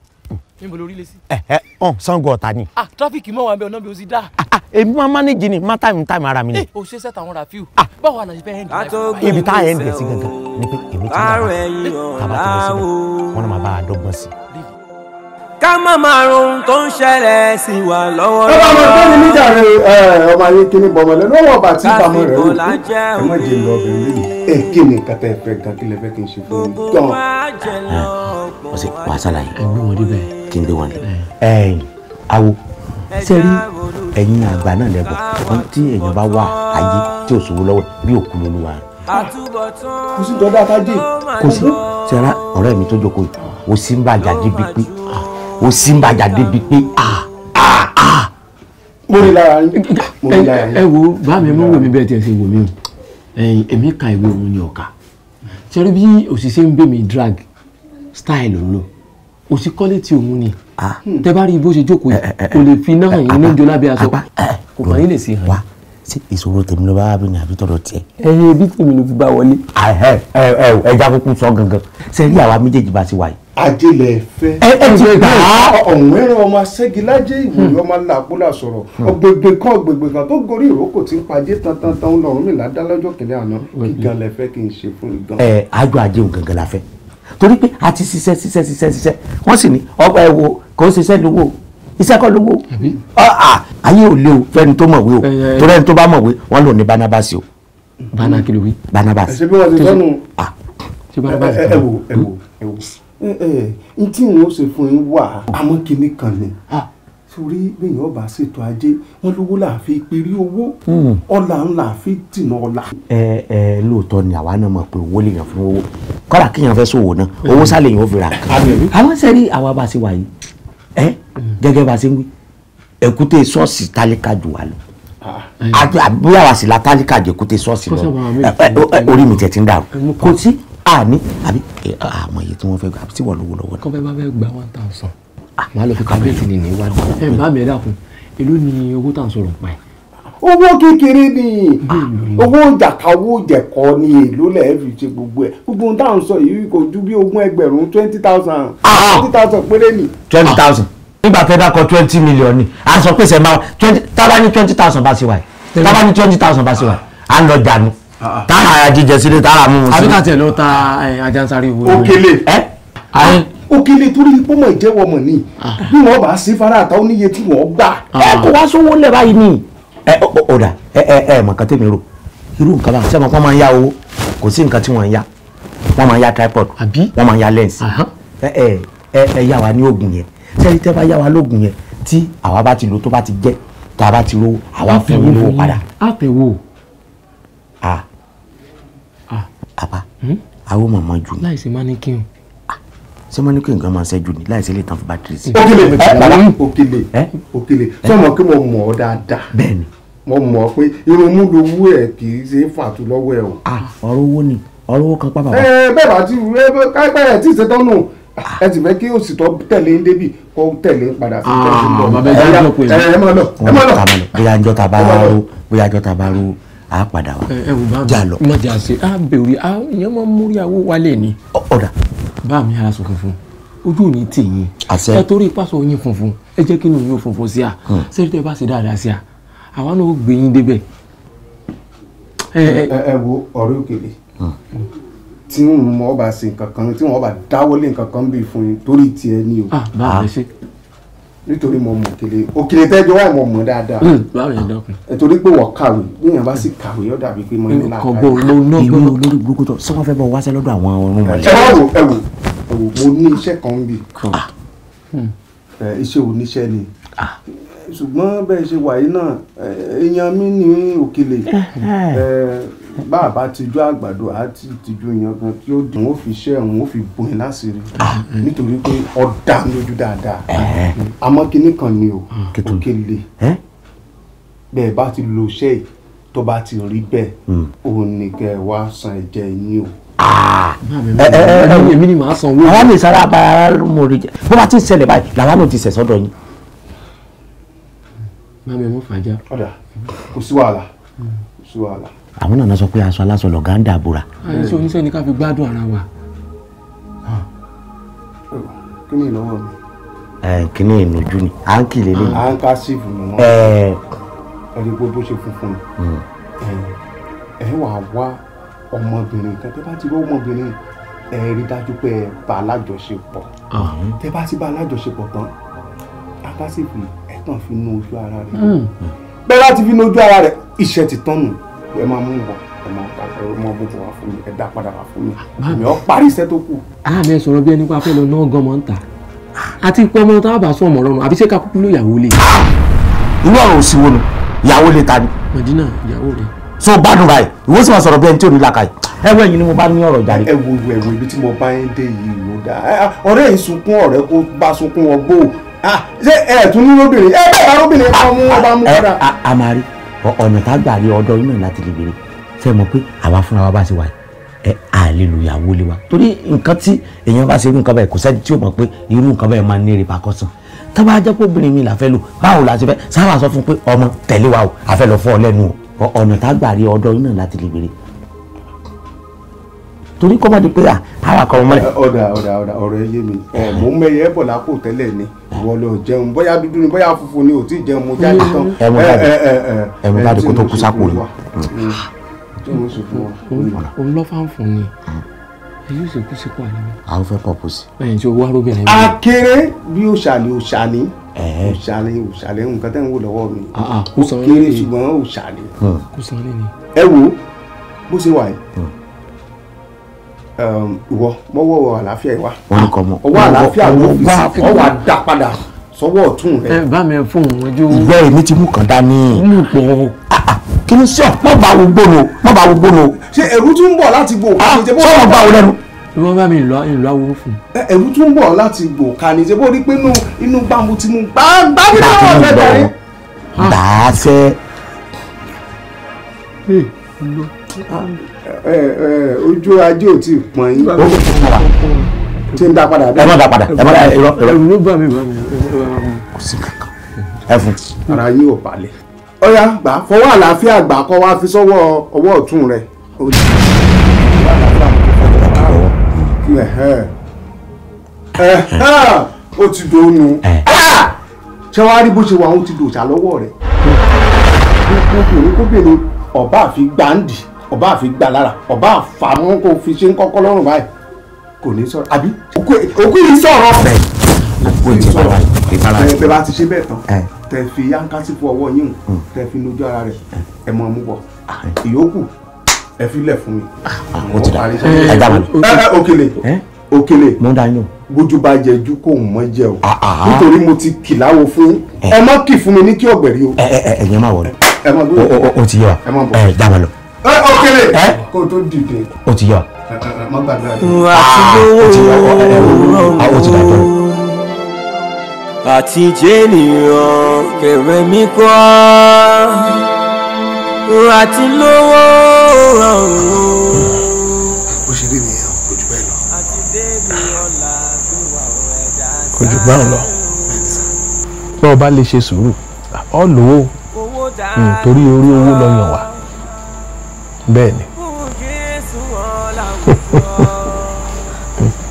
níbo lórí lé sí. ẹ ẹ ọ̀n sango ọ̀tá ni. ah tírafíkì mọ̀ wà ń bẹ ọ̀nà bí o sì dáa. Ah, ah èmi máa manage ni má time time ara mi ni. Eh, o ṣe sẹ́ta àwọn rafiu. ah báwo la ṣe fẹ́ end life. ibi tá a end sí gangan ni pé èmi ti ń bá a bá a bá ti lọ síbẹ̀ wọ́n máa bá a dọ́gbọ́n sí i ká má máa run tó ń ṣẹlẹ̀ sí wa lọ́wọ́ lọ́wọ́. ọba ọmọ tó ní níjà rẹ ọmọ ayé kí ni bọmọ lẹ lọ́wọ́ ọba tí bàmọ rẹ rò pé ẹ má jẹ lọ bẹ̀rẹ̀ lẹ́yìn ẹ kí ni kàtà ẹ fẹ́ gan kí lẹ fẹ́ kí n ṣe fún mi gan. wọ́n sì wàá sàlàyé kí n gbé wọn dé. ẹ̀yin awo sẹ́rí ẹ̀yin àgbà náà lẹ́bọ̀ ọ̀hún tí èèyàn bá wà ayé tí ò sówó lọ́wọ́ bí òkú lolúwa. kò sí dọ́dá tájé kò sí sẹ́ra ọ̀rẹ́ mi tó jókòó yìí ó sì ń bàjá débi pé ó sì ń bàjá débi pé a a a. mo rí lára yín ẹ wo bá mi mú wèmí bẹ́ẹ̀ tí ẹ ṣe wò mí o èmi ka ìwé òun ni ọ̀ka ṣẹ́rí bí òṣìṣẹ́ ń bè mí drag style ń lò òsì kọ́lé tí òun ni tẹ bá rí bó ṣe jókòó yìí kò lè fi náà yín lóúnjẹ lábẹ́ aṣọ kò kàn yín lè sí i hàn. wá sí ìṣòro tèmi ló bá wà bínú àbí tọ̀dọ̀ tiẹ̀. ẹyin ibi tèmi ló fi bá wọlé. ẹja kúkú sọ gangan ṣe rí àwa méjèèjì bá ti wà ajílẹ̀ fẹ́. ẹ ẹ ti gbà á. ọ̀hún ẹran ọmọ aṣẹ́gilájẹ́ ìwòye ọmọ làkúlà sọ̀rọ̀ ọ̀gbègbè kan ọ̀gbègbè kan tó gorí ìrókò tí ń pajé tantantan lọ́rùn mi ládá lọ́jọ́ kìnìún àná kíkan lẹ fẹ́ kí n ṣe fún igan. ẹ àjọ ajé ògangan la fẹ́ torí pé a ti ṣiṣẹ́ ṣiṣẹ́ ṣiṣẹ́ ṣiṣẹ́ wọ́n sì ní ọgbà ẹ wo kò ṣiṣẹ́ lówó iṣẹ́ kọ́ lówó ayé ò lé o fẹ́ni tó mọ̀wé o torí ẹni tó bá mọ̀wé wọ́n lò ní Barnabas o. Barnabas kí ló ẹ ṣe bí wọ́n ti sọ́nù. ẹ wo ẹ wo ẹ wo Eh, eh, n tí wọn ó ṣe fún yín wà àmọ́ kinní kan ni torí bẹ́yìn ọba ṣètò ajé wọn lówó là á fi péré owó hmm. ọlà ńlá fi dìnà ọlà. ẹ ẹ lóòótọ́ ni àwa náà mọ̀ pé owó lè yàn fún owó kọ́ra kéèyàn fẹ́ sòwò náà owó sálẹ̀ yàn ó fi ra kan àwọn sẹ́rí àwa bá ṣe wà yìí ẹ gẹ́gẹ́ bá ṣe ń wí èkúté ṣọ́ọ̀ṣì tálíkà jù wá lọ ah. àbúrò àwa sì la tálíkà jù èkúté ṣọ́ọ̀ṣì lọ orí mi tẹ̀ ti ń dàrú kò sí a ní àbí àmọ iye tí wọn fẹ́ gbà àbí tí wọn lówó lọ́wọ́. kọ́ bẹ́ẹ̀ bá fẹ́ gba one thousand. Ah, màá lọ fi kábíyèsí ni níwájú. ẹ bá mi ẹ dákun èló ni owó tá à ń sọ̀rọ̀ pa ẹ̀. owó kékeré ni ah, owó jàkàwó jẹ̀kọ́ ni èló lẹ̀ fi ṣe gbogbo ẹ̀ gbogbo ohun tá à ń sọ yìí kò ju bí ogún ẹgbẹ̀rún twenty thousand ah, twenty thousand péré ni. twenty thousand nígbà tẹ́ dákọ̀ twenty million ni a sọ pé sẹ́ máa twenty tábà ní twenty thousand bá ṣe wáyé tábà ní twenty thousand bá ṣe wáyé à ń lọ dànù. Ah. tààrà jíjẹ sílé tààrà mú un sí. àbíkà tiẹ̀ ló ta ajansare wo. òkèlè ah, òkèlè torí pọ́mọ ìjẹ́wọ́ mọ̀ ni ah. bí wọ́n bá sí fara àtà oníye tí wọ́n gbà. ẹ kò wá sówó lẹ̀ báyìí ni. ẹ ọ dà ẹ ẹ ẹ mọ̀kàn tèmi rò irú nǹkan báyìí sẹ́wọ̀n wọ́n máa ń ya owó kò sí nǹkan tí wọ́n ń ya wọ́n máa ń ya tripod wọ́n máa ń ya lens ẹ ẹ ẹ yá wa ní oògùn yẹn sẹ́yìn tẹ́ bá yá wa lóògùn yẹn tí àwa bá ti lò tó bá ti jẹ́ tá a bá ti lówó àwa fún yín lówó padà. àtẹ̀wò. ah àbá àwọn màmá jù. láìsí mánikín. Ah, ṣé mánikín nǹkan máa ṣẹ́jú ni láìsí lè tán fún bátìrì sí. òkèlè òkèlè òkèlè sọmọ kí mo mọ̀ ọ́ dáadáa. bẹ́ẹ̀ni. mo mọ̀ pé irun mú lowó ẹ̀ kì í ṣe é fàtú lọ́wọ́ ẹ̀ o. Ah, ọ̀rọ̀ owó ni ọ̀rọ̀ owó kan pa bàbá. ẹ bẹ́ẹ̀ bá ti káìpẹ́ ẹ̀ tí ì ṣe tán nù ah. ẹ ti fẹ́ kí òsìtọ́ tẹ̀lé ń débì kó tẹ̀lé ń padà sí. ẹ máa lọ ẹ máa lọ. bóyá njọ́ta bá rú bóyá njọ́ta bá rú a padà wá. ẹ wò bá mi mo jà sí a bèrè a yẹn mọ múrí awó wálé ni. ọ̀dà. bá mi aṣọ funfun ojú òní tì yín. àṣẹ ẹ torí pásọ yín funfun ẹ jẹ́ kí inú yín funfun sí a hmm. ṣé tẹ bá ṣe dáadáa sí a àwa náà ó gbé yín débẹ̀. ẹ wo ọ̀rẹ́ òkèlè hmm. tí wọn ò bá ṣe nǹkan kan tí wọn ò bá dáwọ́lé nǹkan kan bí fún yín torí tiẹ̀ ni o. bá a bẹ ṣe nítorí mo mọ̀ tẹ́lẹ̀ òkèlè tẹ́jọ́ wáyé mo mọ̀ dáadáa. Hmm, báwo ni dọ́kun. ẹ torí pé wọ́n kàwé níyàn bá sì kàwé yóò dàbí pé mo ní làákàyè. kọ̀gbọ́ ló ná ìwé olórí burúkú tó sọ́kàn fẹ́ bọ̀ wáṣẹ́ lọ́dọ̀ àwọn ọ̀run wọ̀nyí. ẹ wò ẹ wò ẹ wò mo ní iṣẹ́ kan bí hmm. iṣẹ́ oníṣẹ́ ni ah. ṣùgbọ́n bẹ́ẹ̀ ṣe wàyí náà èèyàn mi ní òkèlè eh, eh bá a bá tijú àgbàdo àti tijú yangan tí ó dùn ó fi ṣẹ́ òun ó fi bùn ẹ́ láṣìírí nítorí pé ọ̀dà lójú dáadáa àmọ́ kinní kan ni o Òkèlè hmm, bẹ́ẹ̀ bá ti lo iṣẹ́ tó bá ti rí bẹ́ẹ̀ hmm. òun ni kẹ́ wá san ẹ̀jẹ̀ yín o èmi ni màá sanwó. àwọn mi sára abara mo rí jẹ bó bá ti ń ṣẹlẹ̀ báyìí làwọn náà ti ṣẹ̀ sọ́dọ̀ yín. má mi mú fàájà. ọ̀dà kò sí wàhálà hmm. kò sí wàhálà àwọn náà sọ pé aṣọ aláṣọ lọ̀gá ń dàbúra. àyẹ̀sọ oníṣẹ́ ni ká fi gbádùn ara wa. kí ni ìlọ́wọ́ mi. kí ni ìnùjú ni à ń kìlè lé. à ń ká síìfù nù wọn. ẹni gbogbo ṣe funfun ni. Hmm. ẹ wà wá ọmọbìnrin kan tẹ bá ti rí ọmọbìnrin ẹ rí dájú pé ẹ bá alájọṣepọ̀ tẹ bá ti bá alájọṣepọ̀ tán àkásìkò ẹ kàn fi nu ojú ara rẹ hmm. bẹ́ẹ̀ láti fi nu ojú ara rẹ iṣẹ́ ti tán nù ẹ máa mú ìbọn ẹ máa pa ẹ máa mú ìbọn wá fún mi ẹ dá padà wá fún mi èmi ọ parí iṣẹ́ tó kù. àmì ah, ẹ sọ̀rọ̀ bí ẹni pa fẹ́ lọ náà gan mọ́ ń ta àti ipò ọmọ tá a bá sún ọmọ rọrùn àbí ṣé ká kúkú ló yàwó lé. inú ọ̀rọ̀ òsì wo nu ìyàwó lè ta ni. Madina ìyàwó rẹ. so gbádùn báyìí ìwé sì máa sọ̀rọ̀ bí ẹni tí ò ní làkàyè. ẹ wo ẹ̀yin ni mo bá ní ọ̀rọ̀ jàre. ẹ wo ẹ wo ibi tí mo bá ń dé yìí ló dáa ọ̀rẹ́ yìí sunkún ọ̀rẹ́ kó bá sunkún ọgbó ah, ṣé ẹ tún ní lóbìnrin ẹ bá lóbìnrin ẹ bá mú ọba mú kọ́dà. a máa rí ọ̀nà tá a gbà rí ọ̀dọ̀ inú láti lè béèrè ṣe mọ̀ pé àwa fúnra wa bá ti wà ẹ àlelùyàwó lé wa torí nǹkan tí èèyàn bá ṣe irú nǹkan bẹ́ẹ̀ kò sẹ́ni tí ó mọ̀ pé irú nǹkan bẹ́ẹ̀ máa ń ní repercussion tá bá jẹ́ pé obìnrin mi là fẹ́ lò báwo la ṣe fẹ́ sábà sọ fún pé ọmọ tẹ̀lé wa o àfẹ́ lọ fọ́ ọ lẹ́nu o ọ̀nà tá a gbà rí ọ̀dọ̀ inú láti lè béèrè torí kọ́ mọ̀dé pé àwa kọ́ mọ́lẹ̀. ọ̀dà ọ̀dà ọ̀dà ọ̀rọ̀ ẹ yé mi mò ń mẹyẹ bọ̀ lápò tẹ́lẹ̀ ni ìwọ lọ jẹun bóyá dúdú ni bóyá funfun ni ò tí jẹun mo jáde tán. ẹmu káàdì ẹmu káàdì kó tó kú sápò yìí. òun lọ́ fà ń fún ni èyí ò sì kú sípò àná. a ó fẹ́ pọ̀ kú sí. ẹ̀yìn tí o wá róbìn rẹ̀. akéré bí òṣàlẹ̀ òṣàlẹ̀ òṣàlẹ̀ òṣàlẹ̀ nǹkan tẹ́ ń wò lọ́wọ́ mi. ó kéré ṣùgbọ́n òṣàlẹ̀. ẹ wo bó ṣe wà yìí ìwọ mọ́wọ́ àlàáfíà ìwà ọwọ́ àlàáfíà ló fi sí ọwọ́ àdá padà sọ́wọ́ ọ̀tún rẹ. ẹ bá mi fún un ojú. ìwé èmi ti mú kàn dání. mú pọ̀. Ah, ah, kí ni sọ mọ bá wo gbóno mọ bá wo gbóno. ṣé ẹ̀rù tún ń bọ̀ láti gbò kàní ah, tẹ́ bó. sọ́wọ́n bá wo lẹ́nu. ìwọ bá mi ìlú ìlú awo fún. ẹ̀rù tún ń bọ̀ láti gbò kàní tẹ́ bó rí pé inú gbàmù tí mo gbà gbà mí náà ọ̀fẹ́ darí. bàá fẹ́ ojú ajé ò tí ì pọn yín. ó kò tó wà tí ń dá padà. ẹ má dá padà ẹ má dá irọ́ irọ́. ẹ̀rù ló bà mí bà mí. kò sí kankan ẹ fún. ara yín ò balẹ̀. ọ̀ya gbà fọwọ́ àlàáfíà gbà kọ́ wa fi sọ́wọ́ ọwọ́ ọ̀tún rẹ̀. ó ti dòónù ah! ṣé wàá rí bó ṣe wà ó ti dòòṣà lọ́wọ́ rẹ̀ kókòrò kóbìnrin ọba àfi gbàǹdì ọba àfi gbà lára ọba àfàmú kò fi ṣe ń kọ́kọ́ lọ́rùn báyìí kò ní sọ̀rọ̀ àbí òkú yìí sọ̀rọ̀ bẹ́ẹ̀ òkú yìí sọ̀rọ̀ bẹ́ẹ̀ bẹ́ẹ̀ bá ti ṣe bẹ́ẹ̀ tán tẹ fi yankasi fún ọwọ́ yín tẹ fi nojú ara rẹ̀ ẹ mọ̀ mú bọ̀ ìyókù ẹ fi lẹ̀ fún mi. ó ti dà ẹ dá mi. òkèlè òkèlè bójú bá jẹ ju kó mọ jẹ o nítorí mo ti kìláwo fún ẹ mọ kì fún mi ní kí ọgbẹ̀rí o. ẹ ẹ ẹ yẹn má wọlé o ti yẹ wa ẹ dá mi lọ. Ọ̀kẹ́lẹ̀ kó o tó dìde. o ti yọ. o ti yọ o ti dàgbọ́. àti jẹ́nìyàn kẹrẹ mi kọ́ àti lówó rọrùn. bó ṣe dé nìyẹn kò jù bẹ́ẹ̀ lọ. kò jù bẹ́ẹ̀ lọ. bọ́ọ̀ bá lè ṣe sùúrù ọ̀ lówó torí orí owó lọ yàn wá bẹ́ẹ̀ ni.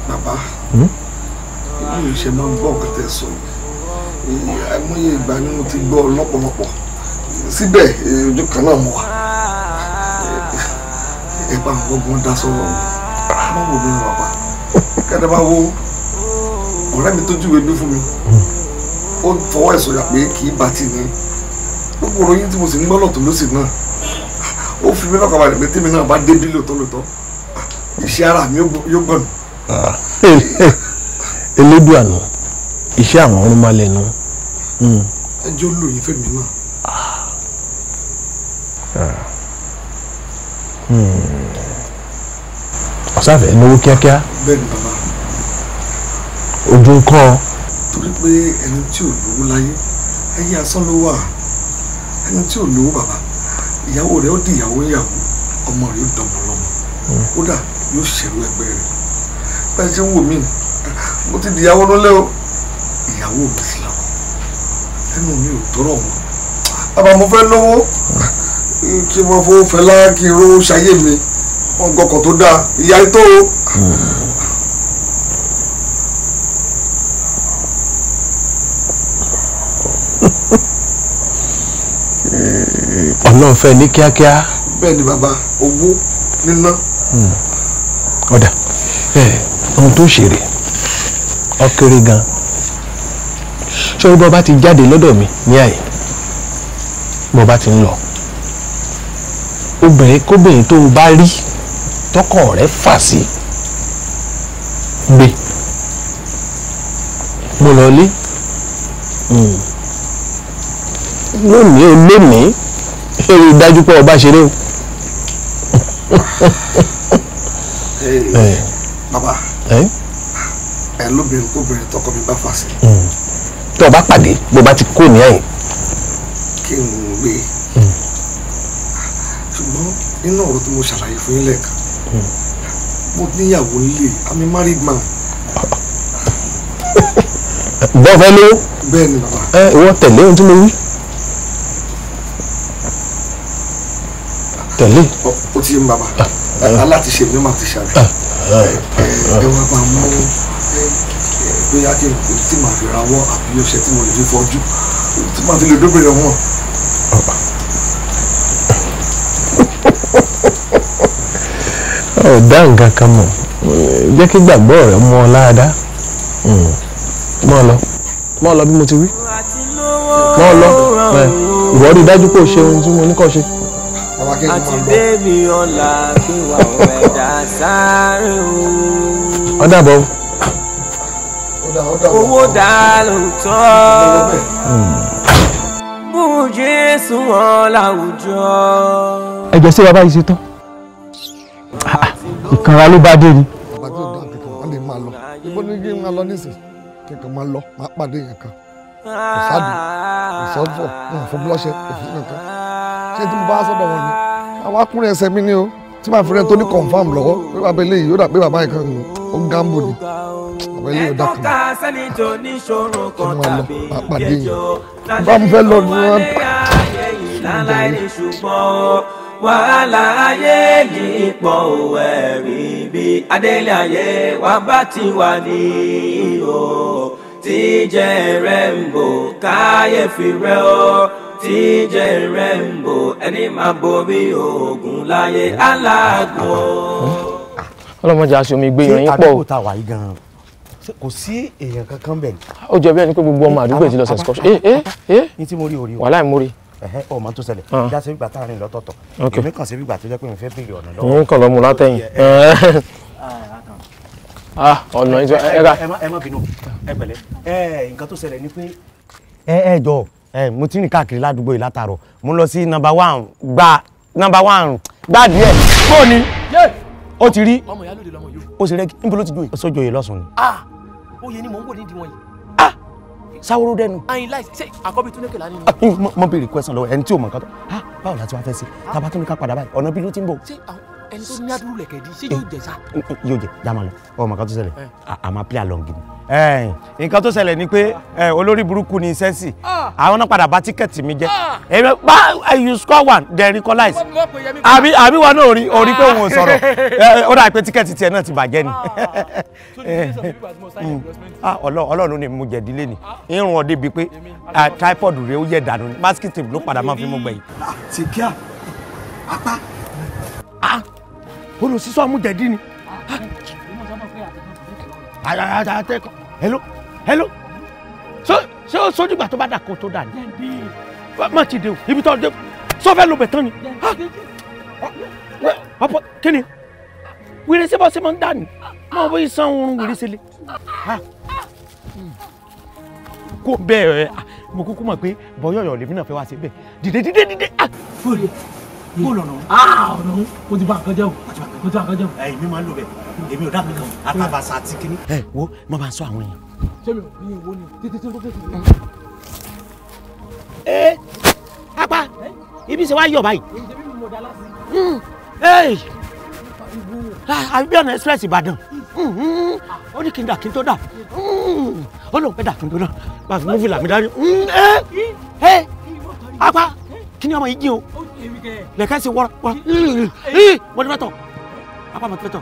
bàbá bí mo ṣe máa ń gbọ́ ọ̀kan tẹ̀ sọ àìmọye ìgbà ni mo ti gbọ́ lọ́pọ̀lọpọ̀ síbẹ̀ ojú kan náà mo wà ẹ bá ń gbọ́gbọ́n dá sọ́wọ́ mi má wò mí bàbá kẹ́tẹ́ bá wo ọ̀rẹ́ mi tójú ebí fún mi ó fọwọ́ ẹ̀ sọ̀yà pé kì í bàtì ni gbogbo ìròyìn tí mo sì ń gbọ́ lọ́tún lọ́sìn náà fi mí lọ́kàn balẹ̀ pé tèmi náà bá dé bílò tó lòótọ́ iṣẹ́ ara mi yóò gbọ̀nù. Ah. elédùn àná iṣẹ́ àwọn ọ̀run máa lẹ́nu. Hmm. ẹjọ́ lò yín fèmí náà. Ah. Hmm. ọ̀sáfẹ́ lówó kíákíá. bẹ́ẹ̀ni bàbá. ojú ń kọ́ ọ. torí pé ẹni tí ò lówó láyé ayé asán ló wà ẹni tí ò lówó bàbá ìyàwó rẹ̀ ó di ìyàwó ìyàwó ọmọ rẹ̀ ó dọmọ lọ́mọ hmm. kódà yóò ṣẹ̀rú ẹgbẹ́ rẹ̀ bẹ́ẹ̀ ṣe wò mí mo ti di ìyàwó lọ́lẹ́ o ìyàwó mi sì lọ́kọ̀ ẹnu mi ò tọrọ mọ́ bàbá mo fẹ́ lówó hmm. kí wọ́n fowó fẹ́ lákìrò ṣayé mi wọ́n gọkọ̀ tó dáa ìyá ètò o. Hmm. ọlọ́run fẹ́ ní kíákíá. bẹ́ẹ̀ ni bàbá owó níná. Hmm. ọ̀dà ohun tó ṣèrè ó kéré gan sọ́rí bọ́ bá ti jáde lọ́dọ̀ mi ní àyè bọ́ bá ti ń lọ obìnrin kóbìnrin tó o bá rí tọkọ rẹ fà sí gbé mo lọ lé hmm. lónìí o lé mi rí dájú pé ọba ṣeré o. bàbá ẹ lóbìnrin kóbìnrin tọkọ mi bá fà sí. tó o bá pàdé bó bá ti kó ní ẹ̀yìn. kí n gbé hmm. ṣùgbọ́n nínú ọ̀rọ̀ tí mo ṣàlàyé fún yín lẹ́ẹ̀kan hmm. mo níyàwó nílé i'm a married man. bọ́ọ̀fẹ́ ló. bẹ́ẹ̀ ni bàbá. ẹ ìwọ tẹ̀lé ohun tí mo wí. tẹ̀lé. ó ti ń bàbá aláti ah, ah. ṣe mi máa ti ṣàbí ah, ẹ wá máa mú bóyá kí n kò tí màá fi ra wọ́ àbí ọṣẹ tí mo lè fi fọjú tí màá fi lè dóbìnrin wọn. ọ̀dà nǹkan kan mọ̀ jẹ́ kí gbàgbọ́ rẹ̀ mọ́ ọ láadáa hmm. mọ́ ọ lọ mọ́ ọ lọ bí mo ti wí mọ́ ọ lọ ìwọ rí i dájú pé o ṣe ohun tí mo ní kó ṣe àti bébì ọ̀la gbé wà ọ̀ẹ̀dá sáré o. ó dàbọ̀ owó dá lóòótọ́ mú hmm. jésù wọn láwùjọ. ẹ̀jẹ̀ sí bàbá yìí ṣe tán ìkanra ló bá dé ni. bàbá tí ò dá kankan wọn lè máa lọ ibo ni kí n máa lọ nísìnyí kí máa lọ máa pàdé yẹn kan ìsádùn ìsọ́fọ̀ ìfọ̀bùlọ́ṣẹ òfin nìkan ṣé tí mo bá sọ́dọ̀ wọn ni àwọn akúnrin ẹsẹ̀ mi ni o tí màá fi rẹ́ tó ní confam lọ́wọ́ pé bàbá eléyìí yóò dà pé bàbá ìkan ni ó ń gámbò ni bàbá eléyìí yóò dà kan ní wọn lọ àpàdé yìí bá mo fẹ́ lọ ní wọn wàhálà ayé ní ipò ẹ̀rí bí adélé ayé wàá bá ti wà ní ìhò tíjẹ rẹ̀ ń bò káyẹ̀fì rẹ̀ ọ́ tíjẹ rẹ̀ ń bò ẹni máa borí oògùn láyé aláàgọ́. ọlọmọdé aṣọ mi gbé ìrìn pọ̀. ṣé àdúgbò ta wà yìí gan-an kò sí èèyàn kankan bẹ̀ ni. ó jọ bí ẹni pé gbogbo ọmọ eh, àdúgbò ti lọ sẹ̀ scotch. ee ee ní tí mo rí orí o. wàhálà ìmúrí. ọ mọ tó ṣẹlẹ̀ já sí ìgbà tá a rìn lọ́tọ̀ọ̀tọ̀ èmi kàn sí ìgbà tó jẹ́ pé mi fẹ́ béèrè ọ̀nà lọ́wọ́. Ah, ọ̀nà ìjọ ẹ̀ka. ẹ má bínú ẹ pẹ̀lẹ́ ẹ nǹkan tó ṣẹlẹ̀ ni pé. ẹ ẹ jọ mo ti rìn káàkiri ládùúgbò yìí látàárọ̀ mo lọ sí nọ́mbà one gba nọ́mbà one gba díẹ̀ kó ni ó ti rí ó ṣe rẹ níbo ló ti jó yìí. sójó yìí lọ́sùn ni. Ah! oyè ni mò ń wò nídìí wọn yìí ah! sáwóró dẹnu. ayin láì ṣe àkọ́bí túnlé kẹlá nínú. mo béèrè question lọ́wọ́ ẹni tí o mọ̀ nǹkan tó ah, báwo la ti wá fẹ́ ṣe tabatúnika padà báyìí ọ̀nà bí ló ti ń bọ̀. ṣé àwọn ẹni tó ní adúrú lẹ̀kẹ̀ di ṣé yóò jẹ sá. yóò jẹ jáma lọ ọ mọ nǹkan tó ṣẹlẹ̀ eh. a máa play along ni. Eh, nǹkan tó ṣẹlẹ̀ ni pé eh, olórí burúkú ni sẹ́sì ah. àwọn náà padà bá tíkẹ́ẹ̀tì mi jẹ́ ah. you score one then equalize àbí àbí wọn náà orí orí pé ah. òun ò sọ̀rọ̀ ó dà pé tíkẹ́ẹ̀tì tiẹ̀ náà ti bàjẹ́ ni. Mm. ọlọ́run ni mo jẹ̀dí lé ni irun ọ̀dẹ́ bíi pé tripod rẹ̀ ó yẹ dànù masking tape ló padà máa fi mú gbẹ̀yìn. ti kíá Ah olùsísọ amújẹdí ni. àtẹkọ hello hello ṣé ó sojú ìgbà tó bá dà kó tó dà ní. má ti dé o ibi tó dé o sọfẹ ló bẹ tán ni. ọ̀pọ̀ kí ni wèrè ṣé bá ṣe máa ń dà ní máa bóyá san oorun wèrè ṣe lé. kó bẹ́ẹ̀ mo kúkú mọ̀ pé bọ́yọ̀yọ̀ lèmi náà fẹ́ wá sí bẹ́ẹ̀ dìde dìde dìde. fúre kó ah ọ̀nà ó ti bá nǹkan jẹ́ o àti bá kótó àkọjọ. ẹyìn mi máa ń lò bẹ èmi ò dá àtàbàṣà àti kínní. ẹ wo mo máa sọ àwọn èèyàn. ṣé mi ò ní ni títí tí ó tó tètè. ẹ apá ibi ṣe wá yọ báyìí. èyí ṣe bí mo dá lásì. Hmm, ah, àbíọ̀nà express Ìbàdàn hmm, hmm, ó ní kí n dà kí n tó dà ó lóun fẹ́ dà kí n tó dà bá a múfìlà mi dání. apá kí ni ọmọ yìí jí o lẹ́kẹ́ sí wọ́rọ́ wọ́rọ́ wọ́n bá tọ̀. Apa mọ̀ pẹ́tọ̀?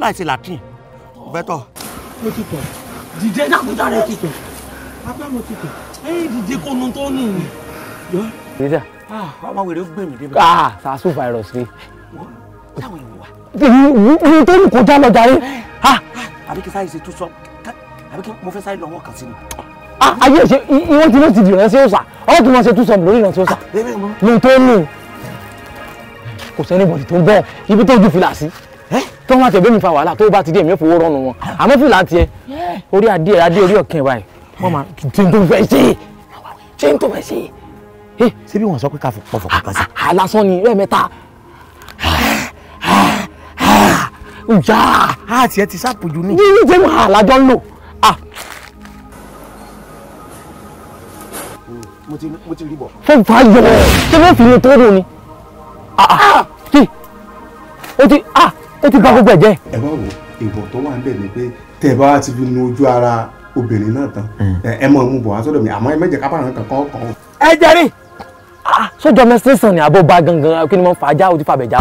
Láì ṣe làtín. Pẹ́tọ̀. Mo ti tọ̀. Dìde dákúta rẹ̀ ti tọ̀. Apá mo ti tọ̀. Ẹyin dìde kó nu tó nù. Rita. Ọmọ ah, wèrè gbé mi débi. Ah, Sàásù virus ni. Wọ́n láwọn èèyàn wà. Ìyẹn tó ní kọjá lọ jàre. Ah, àbí kí sáyé ṣe tún sọ. Àbí kí mo fẹ́ sáyé lọ́wọ́ kan sí ni ayé ṣe ìwọ́n ti ló ti dìrẹ́ sí òòsà ọ̀rọ̀ tó máa ṣe túnṣọ̀ lórí ìrántí òòsà lóhun tó nù kò sẹ́nìbọ̀dì tó ń bọ̀ ibi tó ju fìlà sí tó wá tẹ̀bẹ́ mi fa wàhálà tó bá ti dé èmi ò fowó rọ́nu wọn àmọ́ fìlà tiẹ̀ orí adé adé orí ọ̀kẹ́ báyìí wọ́n máa ṣe ń tó fẹ́ ṣe ṣe ń tó fẹ́ ṣe. ṣé bí wọ́n sọ pé ká fọ̀fọ̀ kankan sí. àlásán ni lẹ́ẹ̀mẹ́ta ìjà àti ẹ ti sápòjú ní. yíyí jẹ́ mọ́ àlájọ ń lò. mo ti rí bọ̀. fọ́nfà yọ̀ ṣé fẹ́ fi ni tó rò ni ó ti ó ti bá gbogbo ẹ̀ jẹ́. ẹ bá wo ìbọn tó wà níbẹ̀ ni pé tẹ̀ bá ti fi nu ojú ara obìnrin náà tán hmm. ẹ mọ̀ mú bọ̀ wá sọ́dọ̀ mi àmọ́ ẹ mẹ́jẹ̀ kápá nǹkan kan kan. ẹ jẹ́rìí sọ́jọ́ mẹ́sẹ̀sán ni àbó bá gangan kí ni wọ́n fà á já o ti fà bẹ̀ já.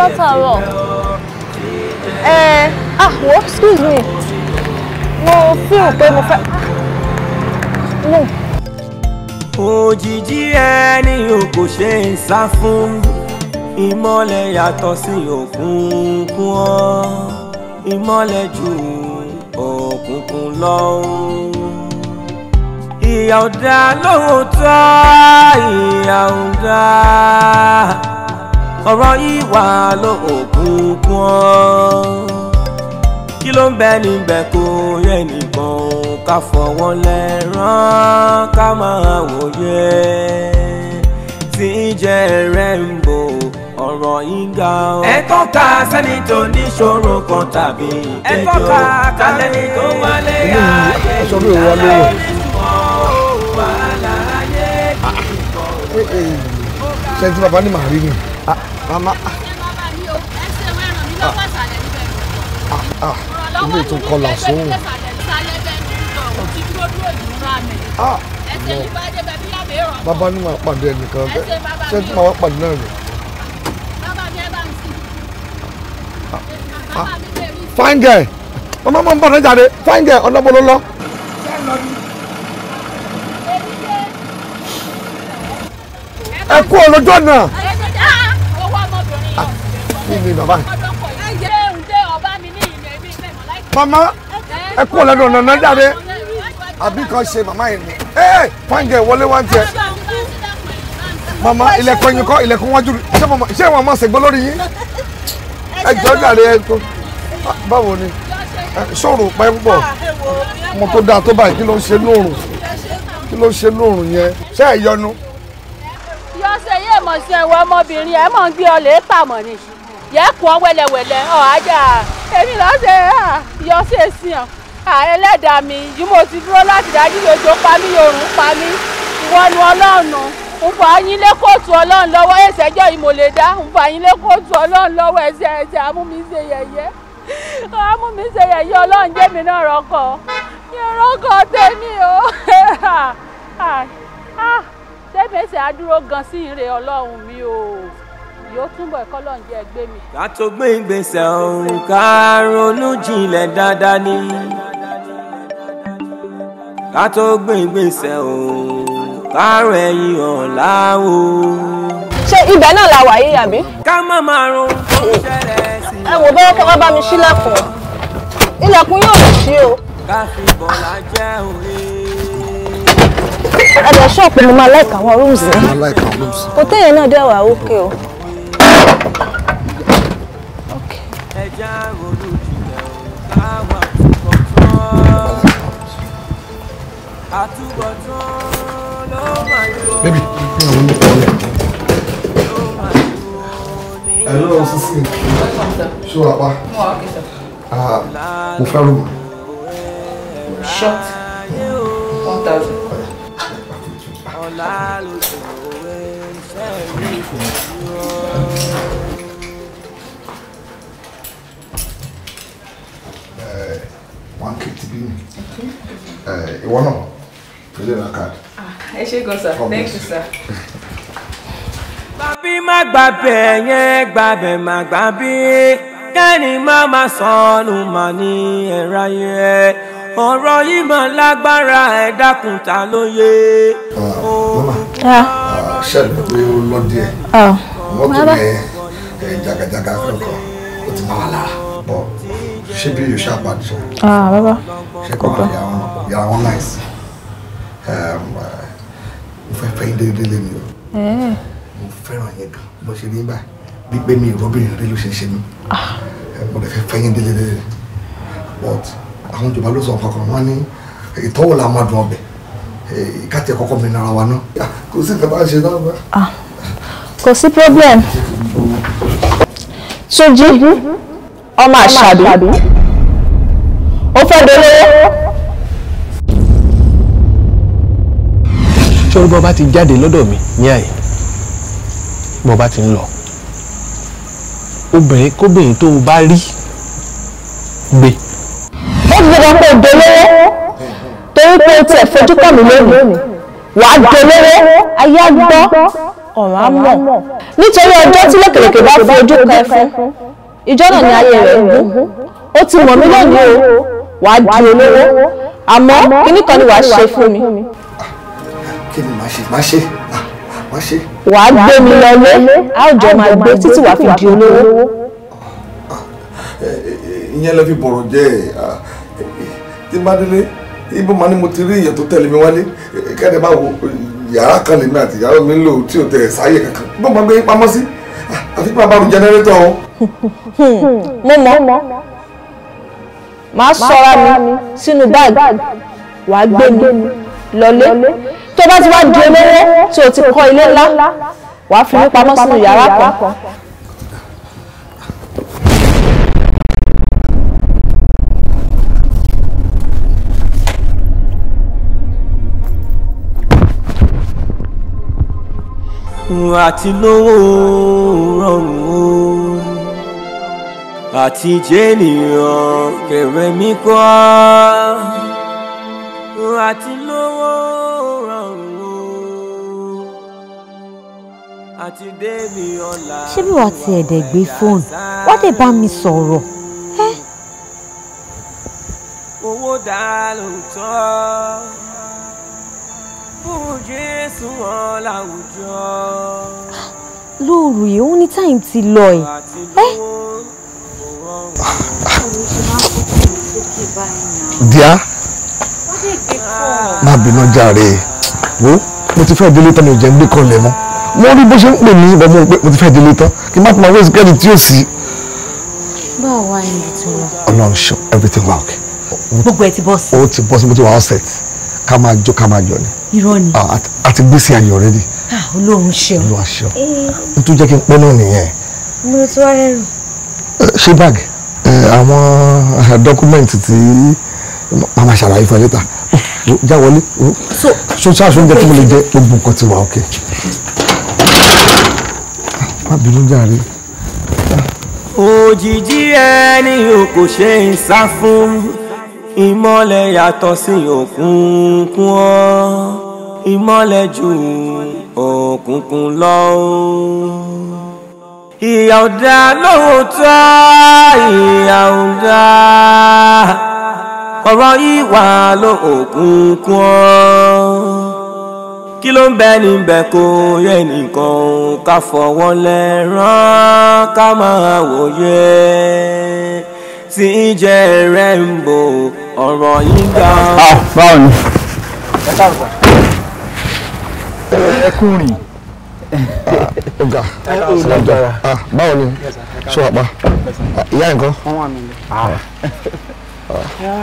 látàárọ̀ ẹ ah wo excuse me mo feel pé mo fẹ́ no. òjijì ẹni o kò ṣe é sá fún ìmọ́lẹ̀ yàtọ̀ sí òkùnkùn ọ́ ìmọ́lẹ̀ jù òkùnkùn lọ́hùn. ìyà ọ̀dà lóòótọ́ ìyà ọ̀dà ọ̀rọ̀ yìí wà lóògùnkùn ọ́ kí ló ń bẹ níbẹ̀ kó yẹ nìkan ká fọwọ́ lẹ́rán ká máa wòye tí jẹ́ rẹ̀ ń bò ọ̀rọ̀ yìí ọ́. ẹ tọ́ka sẹ́ni tó níṣòro kan tàbí ìkẹjọ ẹ tọ́ka tó wálé ayé ìdáná ìtumọ̀ wàhálà ayé ah, ah. ìtumọ̀ ṣe tí bàbá ní màá rí ni. Ah, ah, màmá. Ah. ilé ètò kọlà sóhùn. bàbá ní màá pàdé ẹnìkan bẹ́ẹ̀ ṣe tí màá pàdé náà rẹ̀. fine girl mama mọ̀ n bọ̀ náà jáde fine girl ló lọ. ẹ kú ọ lọ́jọ́ náà. owó ọmọbìnrin yìí. ṣé ǹdẹ mi ní ìmọ̀ ẹ̀mí mama ẹ kú ọ lọ́dọ̀ ọ̀nà náà àbí kan ṣe màmá yìí ni. ẹ wọlé wá ń tiẹ̀. mama ilẹ̀kùn ẹ̀yìn kọ́ ilẹ̀kùn wájú ṣé wọn máa ṣègbọ́ lórí yín. ẹ jọ jàre ẹ tó báwo ni ṣòro pẹ́ púpọ̀ mo tó dáa tó báyìí kí ló ń ṣe lóòrùn kí ló ń ṣe lóòrùn yẹn ṣé ẹ yọnu ṣe yé mọ̀ sí ẹ̀wọ̀ ọmọbìnrin ẹ̀ mọ̀ ń gbé ọlẹ̀ pàmọ̀ ni yẹ kù ọ́ wẹ́lẹ́wẹ́lẹ́ ọ̀ ajá èmi lọ́ọ́ ṣe yọ sí èsì hàn ẹlẹ́dàá mi yìí mo ti dúró láti dájú lójó pa mí yorùn pa mí ìwọ nu ọlọ́run ń bọ̀ ayín lé kóòtù ọlọ́run lọ́wọ́ ẹ̀sẹ̀jọ́ yìí mo lè dá ń bọ̀ ayín lé kóòtù ọlọ́run lọ́wọ́ ẹ̀sẹ̀ ẹ̀sẹ̀ amúmi yẹ̀yẹ́ amúmi ṣe yẹ̀yẹ́ ọlọ́run jẹ́mi náà rọ́kọ̀ mi rọ́kọ̀ tèmi o. tẹ́mẹ̀sẹ̀ adúró gan sí ire ọlọ́run mi o yóò túbọ̀ ẹ̀kọ́ lọ́n jẹ́ ẹgbẹ́ mi. ká tó gbé ìgbésẹ̀ ọ̀hún ká jinlẹ̀ dáadáa ni ká gbé ìgbésẹ̀ ọ̀hún ká rẹ̀ ọ̀la o. ṣé ibẹ̀ náà la wà yìí àbí. ká má máa run ẹ wò bẹ́ẹ̀ kí bá mi ṣílẹ̀kùn ilẹ̀kùn yóò ṣí o. ká fi bọ̀lá jẹ́ òye ẹ̀dẹ̀ ṣọ́ọ̀pù mo máa láìka àwọn rooms ní. mo láìka àwọn rooms. hotel yẹn náà dẹ̀ ókè o. Baby, you know, we Hello, Sisi. Sure, Papa. Oh, okay, sir. Ah, mo fẹ́ rúùmù. Short. One thousand lálejò òwe sẹ́ẹ̀rí ìgbòho. wọn kì í ti bí mi ìwọ náà pẹ̀lú ìlà sir thank you sir. gbàbí má gbàbẹ̀ yẹn gbàbẹ̀ má gbàbí kẹ́ni má má sọnù mà ní ẹ̀rọ ayé ọ̀rọ̀ yìí mà lágbára ẹ̀ dákun ta Ah. ṣẹ́ẹ̀lì pé ó lọ díẹ̀ wọ́n tún ní jagajaga kankan ó ti máa lára bọ̀ ṣé bí yóò ṣàpàdé ṣe. Ah, bàbá kò bá yàrá wọn náìsì mo fẹ́ fẹ́ déédéé mi o eh. mo fẹ́ràn yẹn bí mo ṣe ní báyìí bí pé mi ìrọ́bìnrin rẹ ló ṣe ṣe mí ah. eh, mo lè fẹ́ fẹ́ yẹn ìtọ́wò la máa dùn ọbẹ̀ kátẹ kọ́kọ́ mi nara wa náà kò sí nǹkan bá ń ṣe náà bá. Ah, kò sí problem. Túnjí ọmọ àṣàbí ó fẹ́ dolówó. sọ́rí bọ́ bá ti jáde lọ́dọ̀ mi ní àyè bọ́ bá ti ń lọ obìnrin kóbìnrin tó o bá rí gbé. ó ti dọ̀dọ̀ pé òdolówó torí pé o tiẹ̀ fojú kàn mí lónìí wàá dolówó ayé á gbọ́ ọ̀ràn á mọ̀ nítorí ọjọ́ tí lẹ́kẹ̀lẹ́kẹ̀ bá fi ojú kan ẹ fún ìjọ náà ni ayé rẹ̀ ń gún ó ti mọ̀ mí lónìí o wàá di olówó e àmọ́ kíní kan ni wàá ṣe fún mi. kí ni màá ṣe màá ṣe màá ṣe. wàá gbé mi lọlé a ó jọ máa gbé e títí wàá fi di olówó. ìyẹn lè fi bọ̀rọ̀ jẹ́ ẹ̀ tí bá délé ibo ma ni mo ti rí ìyẹn tó tẹ̀lé mi wálé kẹ́ni bá wo yàrá kan lèmi àti ìyàwó mi ń lò tí ò tẹ̀ sáyè kankan bó ma gbé pamọ́ sí àfi pé abáru jẹnẹrétọ̀ o. mo mọ màá sọra mi sínú báàgì wàá gbé mi lọlé tó bá ti wá di olówó tí o ti kọ́ ilé ńlá wàá fi mí pamọ́ sínú yàrá kan. àti lówó rọrùn o àti jẹ́nìyàn kẹ̀rẹ́ mi kọ́ àti lówó rọrùn o àti débi ọ̀la. ṣé bí wàá ti ẹ̀dẹ̀ gbé fóònù wọ́n dé bá mi sọ̀rọ̀. owó dá lóòótọ́ fún jésù wọn láwùjọ. lóòrù yìí ó ní time ti lọ ẹ. díà má bínú jàre wo mo ti fẹ́ délé tán ní ìjẹun dékọ̀ lẹ̀ mọ́ mo rí bó ṣe ń pè mí ìbọn mo pé mo ti fẹ́ délé tán kí n má fi máa wéṣí kẹ́ni tí ó sì. báwo wá ẹni tí wọn. ọlọ́run ṣe everything wa ok. gbogbo ẹ ti bọ́ sí. o ti bọ́ sí mo ti wà all set ká máa jó ká máa yọ̀ ni. irọ́ ni. Ah, a ti gbèsè ayọ̀ rẹ ni. olóhùn ṣeun. olóhùn ṣeun. Eh. n tó jẹ́ kí n pẹ́ náà nìyẹn. mo ló ti wá rẹ́rù. Eh, ṣé báàgì eh, àwọn dọ́kúmẹ̀ntì tí màmá ṣàlàyé fún ẹ lẹ́tà oh, já wọlé oh, so ṣáà ṣoúnjẹ tí mo lè jẹ gbogbo nǹkan ti wà òkè. má bínú jàre. òjijì ẹni o kò ṣe é sá fún ìmọ́lẹ̀ yàtọ̀ sí òkùnkùn ọ́ ìmọ́lẹ̀ ju òkùnkùn lọ o. ìyà ò dá lóòótọ́ ìyà ò dá ọ̀rọ̀ yìí wà lóòkùnkùn ọ́ kí ló ń bẹ níbẹ̀ kó yẹ nìkan ká fọwọ́ lẹ́rán ká máa wòye tí ń jẹ rẹ́ǹbò ọ̀rọ̀ yìí ga. Ah, báwo ni. ẹ kú rìn. ọ̀gá ọ̀gá ah, báwo ni sọ àpá ah, ìyá nǹkan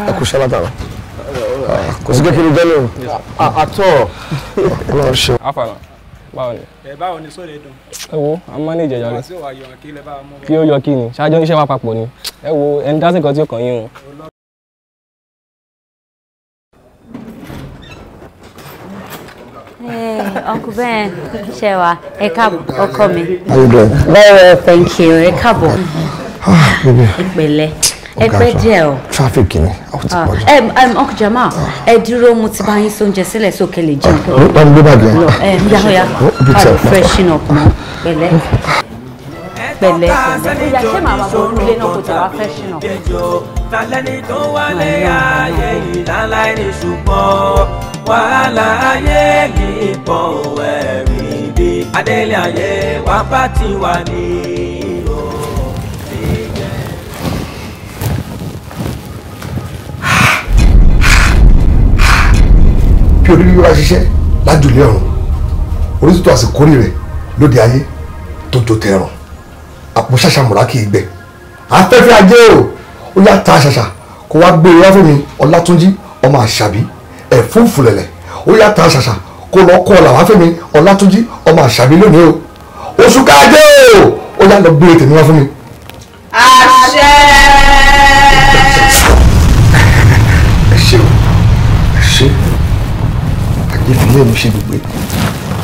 ẹ kú sábàtà rẹ kò sí kékeré jẹ́ lóhùn. àtọ̀ ọlọ́run ṣe báwo ni. ẹ báwo ni sóde dùn. ẹ wo a máa ní ìjẹjọ rẹ. kí ó yọ kí ni ṣáájú iṣẹ́ wa papọ̀ ni ẹ wo ẹni dá sí nǹkan tí ó kàn yín o. Uncle Ben, Shewa, ẹ káàbọ̀, ọkọ mi. Very well, thank you. Ẹ káàbọ̀. Ìpẹ̀lẹ́. Ah, ẹgbẹ́ díẹ̀ o. traffic ni ó ti pọ̀ jù. ọkọ jama ẹ dúró mo ti bá yín sóúnjẹ sílẹ̀ sókè lè jẹun. bá ah, mi gbé bàgẹ́. ẹ yàrá yàrá pàdé freshen up mọ́ pẹ̀lẹ́ pẹ̀lẹ́ pẹ̀lẹ́ ìyá ṣé màá wà bọ ilé náà kò tẹ wá fẹ́ ṣìnà. tàlẹ́ni tó wálé ayé ìlànà ẹni ṣùgbọ́n wàhálà ayé yìí pọ̀ ẹ̀rí bí adélé ayé wàá bá ti wà ní. bí orí bíbá ṣiṣẹ́ lájùlé ọ̀run orítútù àsìkórè rẹ̀ lóde ayé tó tó tẹ̀ràn àpò ṣàṣà mọ̀rá kì í gbẹ afẹ́fẹ́ ajé o ó yá ta ṣàṣà kó wá gbé e wá fún mi ọlátúnjí ọmọ àṣàbí ẹ̀fún fúlẹ̀lẹ̀ ó yá ta ṣàṣà kó lọ kọ́ ọ̀là fún mi ọlátúnjí ọmọ àṣàbí lónìí o oṣù káàdé o ó yá lọ gbé e tèmi wá fún mi. àṣẹ. ìfìlẹ̀ mi ṣe gbogbo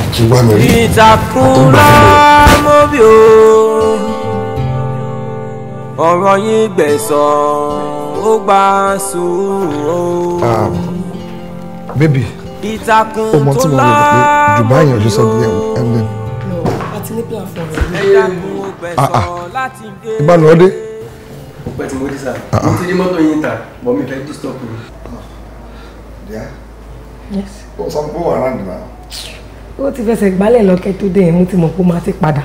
àti wá mi rí ìtàkùn lámóbì o ọ̀rọ̀ yìí gbẹ̀sọ̀ ó gba sùúrù o. Ah, bébì ìtàkùn tó tí mo rò pé dubai yẹn ọjọ́ sọ́dún ẹ̀ ń lẹ́nu. àti ní plan fún ọ̀rọ̀ yìí ìbánu ọdẹ. pẹ́ tí mo dé sáà mo ti rí ah, ah. mọ́tò yín ta bọ́ mi fẹ́ disturb mi ó sọ pé wà ráǹdì náà. ó ti fẹsẹ̀ gbálẹ̀ lọ́kẹ́ tó dé yẹn mo ti mọ̀ pé ó máa ti padà.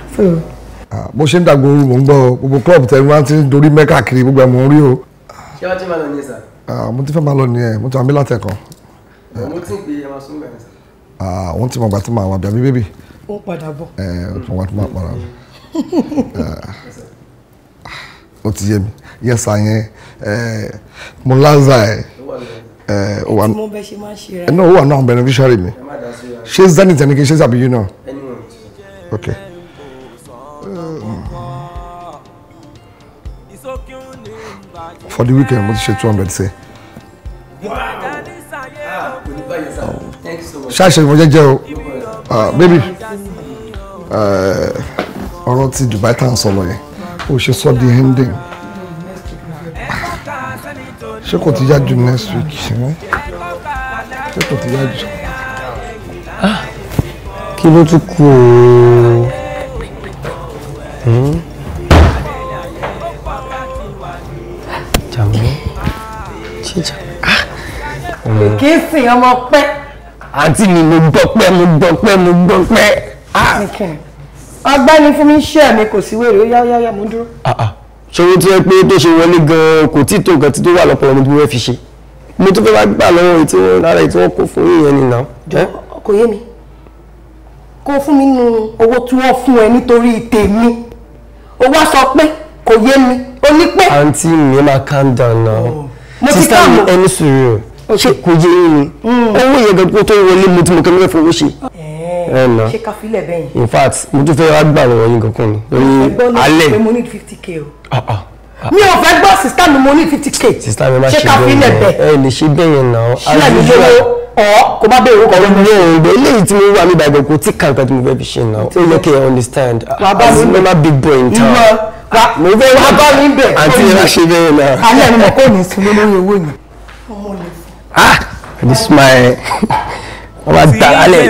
bó ṣe ń dàgbò mò ń gbọ́ gbogbo club tẹ wá ti ń dorí mẹ́kà kiri gbogbo ẹ̀ mò o. ṣé wọ́n ti máa lọ ní ẹ̀sà. mo ti fẹ́ máa lọ ní ẹ̀ mo ti wà mí látẹ̀kọ̀. mo ti ń gbé ẹ̀ máa sún bẹ̀rẹ̀ sà. wọ́n ti mọ̀ gbà tí màá wà bí àbí bébì. ó padà bọ̀. ó ti yé mi yẹ́sà ó eh, wà náà ó eh, wà náà beneficiary mi ṣé zenith ẹni kì í ṣe tàbí you know okay. Um, for the weekend mo ti ṣe two hundred say. Ah, ṣáṣe ìwọ jẹjẹ o ah, baby eh, ọ̀rọ̀ ti Dubai tá à ń sọ lọ yẹn o ṣe sọ di ending ṣé kò ti yá next week ṣé kò ti yá ju. Ah, kí ló tún kù ooo. jàmbá jíjà. kì í sìn ọmọ pẹ́. àǹtí mi mo gbọ́pẹ́ mo gbọ́pẹ́ mo gbọ́pẹ́. Ah! ọgbẹ́ni fún mi ṣe mi kò sí wèrè ó yá yá yá mo dúró. Ah, ṣòro tí ẹ pé tó ṣe wọlé gan-an kò tí tó nǹkan tí tó wà lọ́pọ̀lọ́ mi tí mo fẹ́ fi ṣe mo tún fẹ́ wá gbà lọ́wọ́ èyí tí wọ́n lára èyí tí wọ́n kó fún yín yẹn nìyà. kò yé mi kó fún mi nu owó tí wọ́n fún ẹ nítorí tèmi ó wá sọ pé kò yé mi ó ní pé. àǹtí mi máa calm down now. Oh. mo sísá mi ẹni sùúrù ṣe kò yé yín mm. owó yẹn gan kó tó wọlé mo ti mọ̀ kẹ́mi fẹ́ fowó ṣe. Eh ẹ nà ṣe ká filẹ̀ bẹ́yìn. in fact mo tún fẹ́ wá gbà wọ̀ yín kankan ni lórí alẹ́. mo ní fifty k o. Ah, ah. mi ò fẹ́ gbọ́ sista mi mo ní fifty k. sista mi má ṣe bẹ́yẹn ẹ eh, lè ṣe bẹ́yẹn náà. sílẹ̀ mi lówó ọ̀ kò bá bẹ̀rù kọ̀ lọ́mọ. mi ò gbé eléyìí tí mo wà mí bàgbẹ́ kò tí kàǹkà tí mo fẹ́ fi ṣe náà ó yẹ kí ẹ understand as normal big boy in town. mo fẹ́ wá bá mi bẹ̀. àǹtí mi má ṣe bẹ́yẹn náà. alẹ́ mi mọ̀ kó ní ah this my wọ́n bá da alẹ́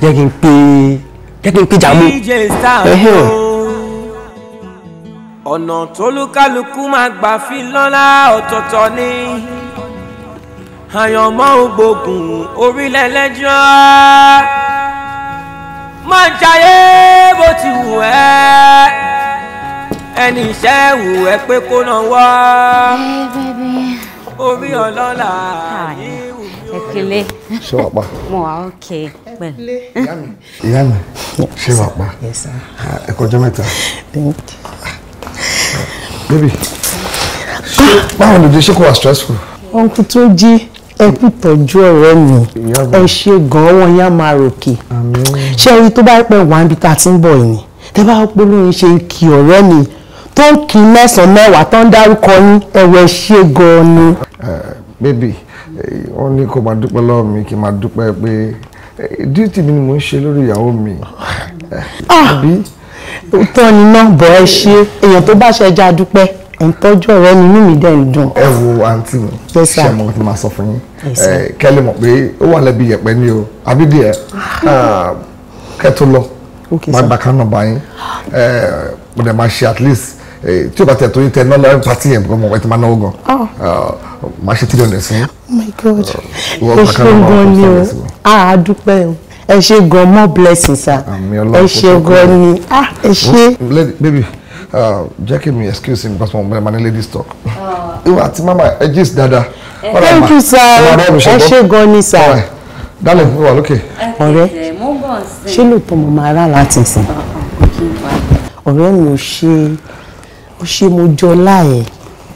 jẹ́ kí n pè jẹ́ kí n pè jàmú ẹ̀hìn. ọ̀nà tólúkálukú máa gbà fi lọ́lá ọ̀tọ̀ọ̀tọ̀ ni àyànmọ́ ògbógun orílẹ̀ lẹ́jọ́ máa jayé bó ti wù ẹ́ ẹni iṣẹ́ wù ẹ́ pé kó náà wá orí ọlọ́lá yìí wù kele. ṣé wàá pa. mo wà ókè pẹ̀lú. ìyá mi ṣé wàá pa ẹ kọjá mẹ́ta. baby báwo ló dé ṣé kò wá stressful. ọkùn tó jí ẹ kú tọ́jú ọ̀rẹ́ mi ẹ ṣe gan wọn yá máa ròkè ṣé ẹ rí tó bá pẹ́ wá níbi tá a ti ń bọ̀ yìí tẹ́ bá polówó ṣe kí ọ̀rẹ́ mi tó ń kí mẹ́sàn-án mẹ́wàá tó ń dárúkọ yín ẹ̀wẹ̀ ṣe gan ni. bébì wọ́n ní kó máa dúpẹ́ lọ́wọ́ mi kí n máa dúpẹ́ pé díútì mi ni mò ń ṣe lórí ìyàwó mi. Ah! òótọ́ ni náà bọ̀ ẹ ṣe èèyàn tó bá ṣe ẹja dúpẹ́ ìtọ́jú ọ̀rẹ́ ni inú mi dẹ̀ ń dùn. ẹ wo àǹtí mi ṣe àmọ́ tí màá sọ fún yín eh, kẹ́lẹ́ mọ̀ pé ó wà lẹ́bi yẹ̀pẹ́ ni o àbí díẹ̀ ah! Ah, kẹ́ tó lọ máa gbà kánà bá yín eh, mo dẹ̀ máa ṣe at least eh, tí o bá tẹ̀ tó yín tẹ̀ náà lọ́rẹ́ pàtí yẹn gbọ́n mo ẹ̀ ti máa náwó gan máa ṣe three hundred oh my god uh, ẹ ṣe gan ni o ah, a dúpẹ́ o ẹ ṣe gan more blessings, sir ẹ ṣe gan ni ah ẹ ṣe. baby uh, jẹ́ kí mi excuse me because mo mọ ní ladies talk ah. ìwà àti mama ẹ gist dada. Eh, thank you sir ẹ ṣe gan ni sir. dálẹ̀ mi wà lókè. ọ̀rẹ́ ṣé lóòótọ́ mo máa rà láti sìn ah, ọ̀rẹ́ mi ò ṣe ó ṣe mo jọ láàyè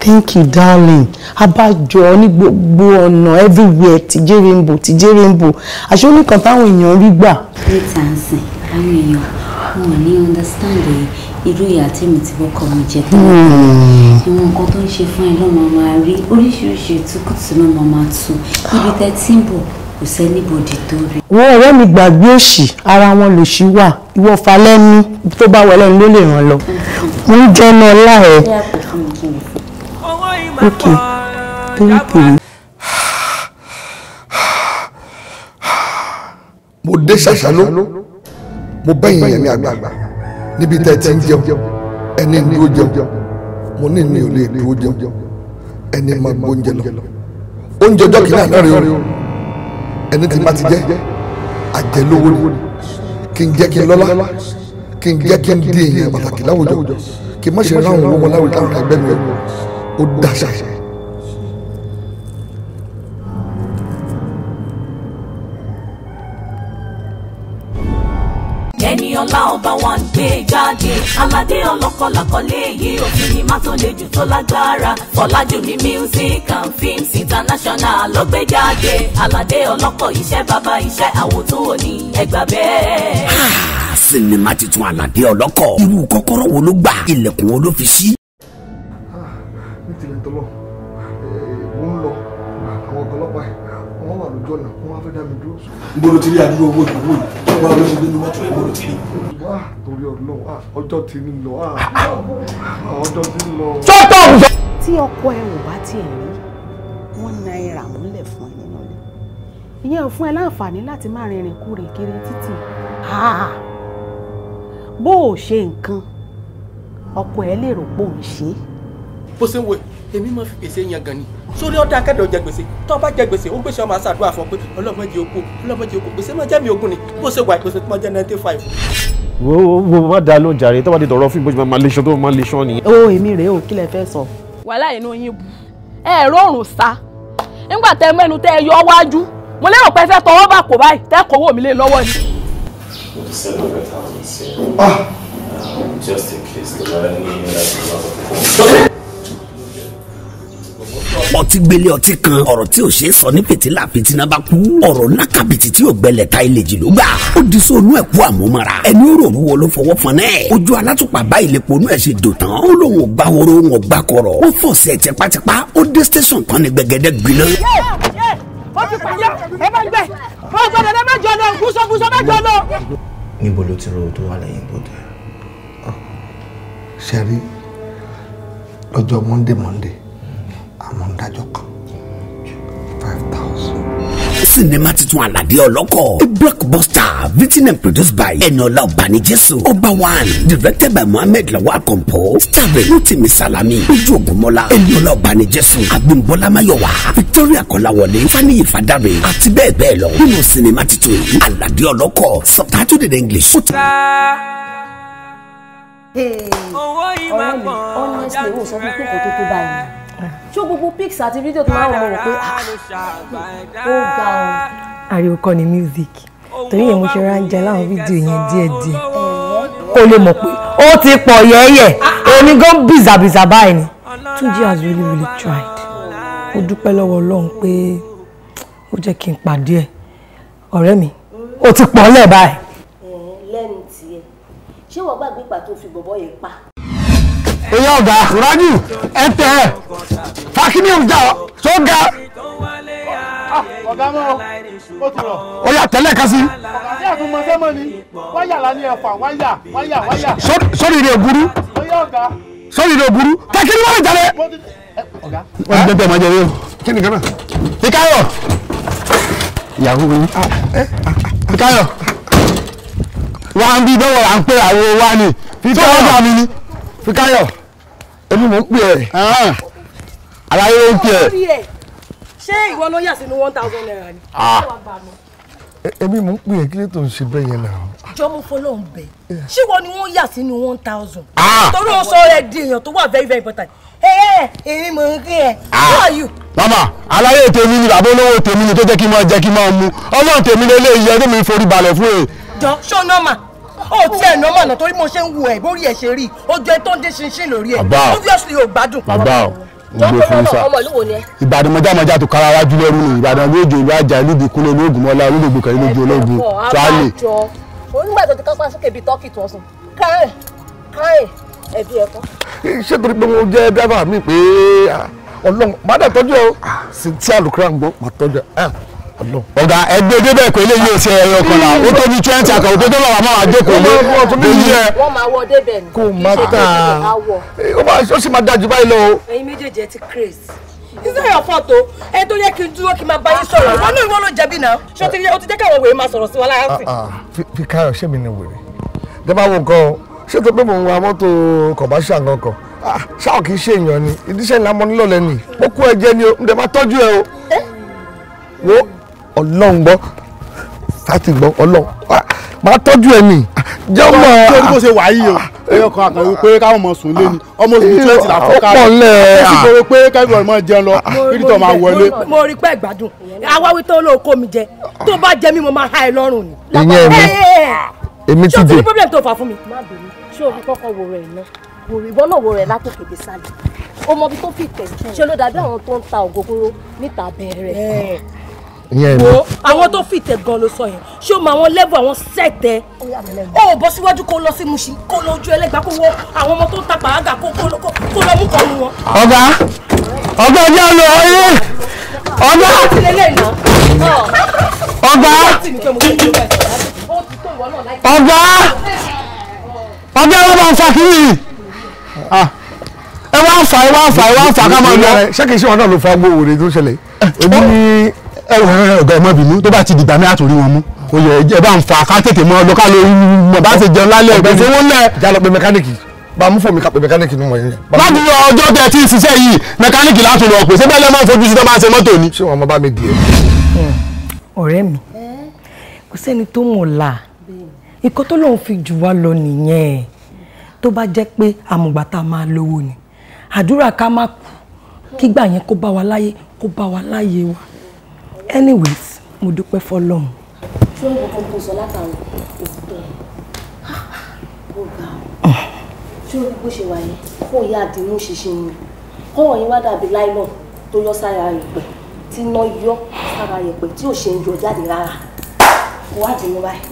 thank you darling abájọ ní gbogbo ọ̀nà everywhere tìjẹ́ rainbow tìjẹ́ rainbow àṣé ó ní kan táwọn èèyàn rí gbà. níta ń sìn àwọn èèyàn wọn ò ní understand irú ìyá tí mi ti bọ́kọ̀ mi jẹ tán hmm. ìwọ̀n nǹkan tó ń ṣe fún ẹ lọ́mọ máa rí oríṣiríṣi ìtukùtù náà máa máa tu níbi tẹ́ tí ń bọ̀ kò sẹ́nibodì tó rí. wọ́n ọ̀rẹ́ mi gbàgbé òṣì ara wọn lò sí wà ìwọ falẹ́ni tó bá wọlé ló lè ràn lọ. ń jẹ́ náà láàyè. Okay, thank you. mo dé ṣàṣàló mo bẹ́yìn yẹn ní àgbààgbà níbi tẹ́ ti ń jẹun ẹni ní ó jẹun mo ní mi ò lè dúró jẹun ẹni máa gbó oúnjẹ lọ oúnjẹ ọjọ́ kìíní àná rèé o ẹni tí má ti jẹ àjẹlówó ni kí n jẹ́ kí n lọ́lá kí n jẹ́ kí n di èèyàn pàtàkì láwùjọ kí n má ṣe ráhùn lówó láwùjọ àwọn ẹgbẹ́ mi ó dáṣà. ẹni ọlá ọba wa ń gbé jáde aládé ọlọ́kọ̀lọ́kọ̀lé yìí òfin ni má tó jù tó lágbára fọlájú music and films international ló gbé jáde aládé ọlọ́kọ̀ iṣẹ́ bàbá iṣẹ́ àwòtún òní ẹgbà bẹ́ẹ̀. Ah, sinimá titun aládé ọlọ́kọ̀ irú kọ́kọ́rọ́ wo ló gbà ilẹ̀kùn wo ló fi ṣí gbọ́dọ̀ ti rí àdúrà owó ìgbòho yìí báwo ló ṣe nínú mọ́tò ẹ̀ ti rí. torí ọlọ́run ọjọ́ ti ń lọ ọjọ́ ti ń lọ. sọ́tọ̀ ọ̀gbẹ́. tí ọkọ ẹ ò bá ti rí wọn náírà múlẹ̀ fún ẹ nínú ìyẹn ò fún ẹ láǹfààní láti máa rìnrìn kúrìn kiri títì bó o ṣe nǹkan ọkọ ẹ lè rò pé òun ṣe é bó ṣe ń wo èmi máa fi gbèsè yan gan ni sórí ọ̀dà akẹ́dọ̀ jẹ gbèsè tó o bá jẹ gbèsè ó ń gbèsè ọmọ àṣàdúrà fún ọ pé ọlọ́mọdé oko ọlọ́mọdé oko gbèsè máa jẹ́ mi ogún ni bó ṣe wà ìgbèsè tó máa jẹ́ ninety five. wo wo má da ló ń jàre tó bá di dọ̀rọ̀ fún ìbòjú máa lè ṣan tó máa lè ṣan nìyẹn. o èmi rèé o kí lẹ fẹ́ sọ. wàhálà inú yín bu ẹ rọrùn sa nígbà tẹ mẹ́nu tẹ yọ wájú mo lérò pé fẹ́ tọwọ́ bá kò báyìí tẹ́ kọ́wọ́ mi lé lọ́wọ́ ni. Ah! Um, just in case the money has a lot of ọtí gbélé ọtí kan ọ̀rọ̀ tí ò ṣeé sọ ní pìtìlà pìtìlà bá kú ọ̀rọ̀ lákàbìtì tí ò gbẹlẹ̀ ta ilé jì ló gbà ó di sóònù ẹ̀ kú àmúmọ́ra ẹni ó rò wọ́n ló fọwọ́ fọn náà ojú alátùpà báyìí lè ponú ẹ̀ ṣe dò tán ó lóun ò gbá horo òun ò gbá kọ̀rọ̀ ó fọ̀ọ̀sẹ̀ tipátipá ó dé tẹ̀sán kan ní gbẹgẹdẹ gbiná. Ah, monday monday àmọ́ ń dájọ́ kan five thousand. Sinima titun A blockbuster written and produced by Eniola Obanijesu. Oba One directed by Mohammed Lawal Kompo. Starring Rotimi Salami, Ojú Ògúnmọ́lá, Eniola Obanijesu, Abimbola Mayowa, Victoria Kọ́láwọlé, Faniyi Fadare àti bẹ́ẹ̀ bẹ́ẹ̀ lọ. Nínú sinima titun yìí, Alade subtitled in English. Owó ìmọ̀ pọ̀ ọ̀nà ìṣèwòsàn fún kòkòtò tó báyìí ṣó gbogbo pics àti fídíò tó máa ń wọ̀ pé ah, ó ga o. ariwo kọ́ ni music torí yẹn mo ṣe ra ń jẹ láwọn fídíò yẹn díẹ̀díẹ̀ kó lè mọ̀ pé ó ti pọ̀ yẹ́yẹ́ ah, ah. èmi gan bìzàbìzà báyìí ni Túnjí has really really tried ó dúpẹ́ lọ́wọ́ Ọlọ́run pé ó jẹ́ kí n pàdé ẹ̀ ọ̀rẹ́ mi ó ti pọ̀ lẹ́ẹ̀ báyìí. lẹ́nu tiẹ̀ ṣé wọ́n gbàgbé pàtó fi bọ̀bọ̀ yẹn pa èyí ọ̀gá rájù ẹ̀tẹ̀ fàkínì ọ̀gá tó ga. Ah, ọ̀gá mọ́ ó ti rọ̀. ó yà tẹ́lẹ̀ kan sí. ọ̀gá sí àtúmọ̀ sẹ́mọ̀ ni wáyà lá ní ẹ̀fà wáyà wáyà wáyà. sórí rẹ̀ burú. ó yà ọ̀gá. sórí rẹ̀ burú. fàkínì wọ́n lè jalè. ọ̀gá. wọ́n ti dẹ́gbẹ́ ọmọ jẹ yóò. kí ni gánà. ìkáyọ̀. ìyàwó mi. Ah, ah, ìkáyọ̀. wà á ń bí dọ́wọ́ à ń pè àwọn wa ni. fi tọ́wọ́ Fíkáyọ̀ èmi mò ń pè ẹ́ ah. aláyé ló ń pè ẹ́. ṣé ìwọ ló yà sínú one thousand naira ni. Ah. èmi mò ń pè ẹ́ kí ló tó ń ṣe bẹ́ẹ̀ yẹn náà. jọmọ fọlọ́run bẹ ṣé ìwọ ni wọ́n yà sínú one thousand. Ah. torí wọn sọ rẹ di èèyàn tó wà very very important. ẹ ẹ èmi mò ń pè ẹ́ who are you. mama aláyé tèmi ni bàbá olówó tèmi ni tó jẹ́ kí n máa jẹ́ kí n máa mu ọlọ́run tèmi lé lé iye ẹni mi forí balẹ̀ fún ẹ. jọ ṣó nọ́mà ó tí ẹ̀ nọ́mọ̀ náà torí mo ṣe ń wo ẹ̀ bórí ẹ̀ ṣe rí ojú ẹ tó ń dé ṣinṣin lórí ẹ̀ obviously ò gbádùn. bàbá o gbé fún sá ìbàdàn mọ̀jámọ̀já tó kára wájú lẹ́rú ni ìbàdàn lóòjò ìlú àjà ìlú ìbíkúnlẹ̀ olóògùn mọ́lá olóògùn kẹrin lójú olóògùn tíwálè. onígbà tó ṣé torí pé mo jẹ́ dábàá mi pé ọlọ́run má dà tọ́jú ọ sí tí àlùkò rà ń tọ́jú ẹ̀. Ah ọ̀gá ẹgbẹ́ débẹ̀ pé eléyìí ò ṣe ẹyọ kan náà ó tóbi twenty àkàwọ̀ pé dọ́là wà máa jókòó lé èyí ẹ. wọ́n máa wọ débẹ̀ ni kò má tà ó sì máa dájú báyìí lọ. ẹ̀yin méjèèjì ẹ ti craze iṣẹ́ yàn fọ́ tó ẹ tó yẹ kí n dúró kí n máa bá yín sọ̀rọ̀ wọn náà ìwọ ló jẹ̀bi náà ṣé o ti o ti jẹ́ káwọn wèrè máa sọ̀rọ̀ sí wa láyà sí. Ah, ah, fi káyọ̀ ṣé mi ni wèrè o ṣé tó pé mò ń wa mọ́tò kọ̀báṣà gangan ṣáà kì í ṣe èèyàn ni ìdíṣẹ́ ìlànà ọmọ nílò lẹ́nu ó ẹ̀jẹ̀ ni o ǹdẹ̀ máa tọ́jú ẹ o eh? wo ọlọ́run gbọ́ láti gbọ́ ọlọ́run ah, máa tọ́jú ẹ̀ nì jẹ́ mọ́ ọ. torí bó ṣe wà yìí o ah, ah. ẹyọ kan àkànwé pé káwọn mọ sùn lé ni ọmọ oṣù twenty la fún káwọn ọpọlẹ à ó sì gbọ́ pé kẹ́gbọ̀n mọ jẹun lọ kírítọ̀ máa wọlé. mo rí pé ìgbádùn awáwí tó lóko mi jẹ tó bá jẹ mí mo máa há ẹ lọ́rùn ni. ìyẹn mi èmi ti dé. ṣé o ti ní problem tó fà fún mi. má bẹ̀rù ṣé o fi kọ́kọ́ wo rẹ̀ náà wo àwọn tó fìtẹ̀ gan ló sọ yẹn ṣé o mọ àwọn level àwọn sẹ́tẹ̀ ó bọ́ síwájú kó lọ sí Mùṣín kó lọ ojú ẹlẹ́gbàá kó wọ àwọn ọmọ tó ń ta pàágà kó lọ mú kọ́nu wọn. ọ̀gá ọ̀gá ọjà lọ ọyẹ ọ̀gá ọ̀gá ọ̀gá ọ̀gá ẹ wá bá ń fa kiri ah. ẹ wá ń fa ẹ wá ń fa ẹ wá ń fa ká máa lọ. ṣé kìí ṣe wọn náà ló fa gbówó rẹ tó ṣẹlẹ̀ èmi ní ẹ wọ ọgá ẹ má bínú tó bá ti dìgbà mi àtòrí wọn mú o yẹ ẹ bá ń fa ká tètè mọ lọ ká lọ mọ bá ṣe jẹun lálẹ́ ẹgbẹ ṣe wọn lẹ. jalọ pé mẹkáníìkì bá mú fún mi ká pé mẹkáníìkì ni mo yẹn. láti yọ ọjọ́ tẹ ti ṣiṣẹ́ yìí mẹkáníìkì láti lọ pè ṣé bẹ́ẹ̀ lẹ́ máa fojú sí tó máa ṣe mọ́tò ni. ṣé wọn máa bá mi dìé. ọ̀rẹ́ mi kò sẹ́ni tó mọ̀ la nǹkan tó lóun fi jù wá lọ nìyẹn tó bá jẹ́ pé àmùgbà tá a máa lówó ni àdúrà ká má kú kígbà yẹn kó bá wa láyé kó bá wa láyé wa anyways mo dúpẹ́ fọlọ́run. tí wọ́n kọ́kọ́ tó sọ látàrí òkúta ó ga ọ́ tí ó bó ṣe wà yẹn fún ìyá àdínú ṣinṣin ni kọ́wọ̀n yín wá dàbí láìlọ́n tó yọ sára yẹ̀pẹ̀ tí iná yọ sára yẹ̀pẹ̀ tí ò ṣe ń yọ jáde rárá kó wá dínú báyìí.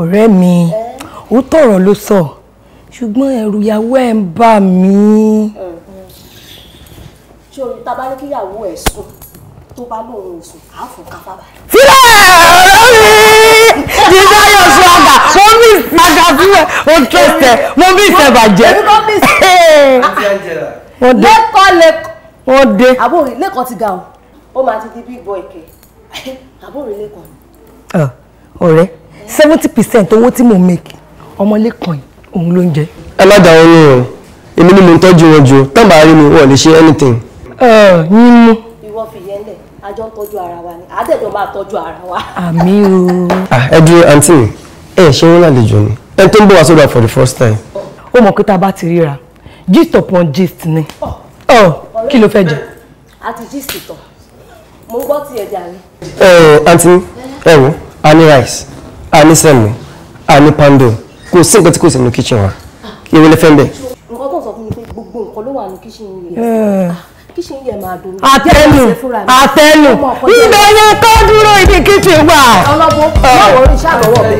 ọ̀rẹ́ mi ó tọ̀rọ̀ ló sọ ṣùgbọ́n ẹ̀rù ìyàwó ẹ̀ ń bà mí. ṣé orí tá a bá ní kíyàwó ẹ̀ sùn tó bá lóun sùn á fún kápá báyìí. sílẹ̀ ọ̀rẹ́ mi jíjá yóò sọ àgbà mo mí ìsàgà sílẹ̀ mo tẹ̀sẹ̀ mo mí ìsẹ̀bàjẹ́. lẹ́kọ̀ọ́ lẹ́kọ̀ọ́. ó dé. àbórí lẹ́kọ̀ọ́ ti ga o ó máa ti di big boy kẹ àbórí lẹ́kọ̀ọ́. ọ̀rẹ́ seventy percent owó tí mo make ọmọ lẹ́kọ̀ọ́ yìí òun ló ń jẹ. ẹ má dà wọn lóhùn èmi ni mo ń tọ́jú wọn jù tán bá mi wọn lè ṣe anything. yín mú àjọ ń tọ́jú ara wa ni àádẹ́jọ́ máa tọ́jú ara wa. àmì o. Ah, ẹ dúró àǹtí mi ẹ ṣe wọn lálejò ni ẹ tó ń bọ̀ wá sódà for the first time. ó mọ̀ pé tá a bá ti ríra gist upon gist ni oh, oh, kí ló fẹ́ jẹ. àti gist tán mo ń gbọ́ ti ẹ̀ jà ẹ àǹtí ẹ wo a ní rice a ní sẹ́mu a ní pando kò sí nǹkan tí kò sí nínú kitchen wa ìwé lè fẹ́ bẹ́ẹ̀. nǹkan tó sọ fún mi pé gbogbo nǹkan ló wà ní kitchen yìí àtẹnu àtẹnu ibẹ̀ yẹn kọ́ dúró ibi kíchìn wà. ọlọ́bọ̀ báwo orí ṣàlọ́wọ́ mi.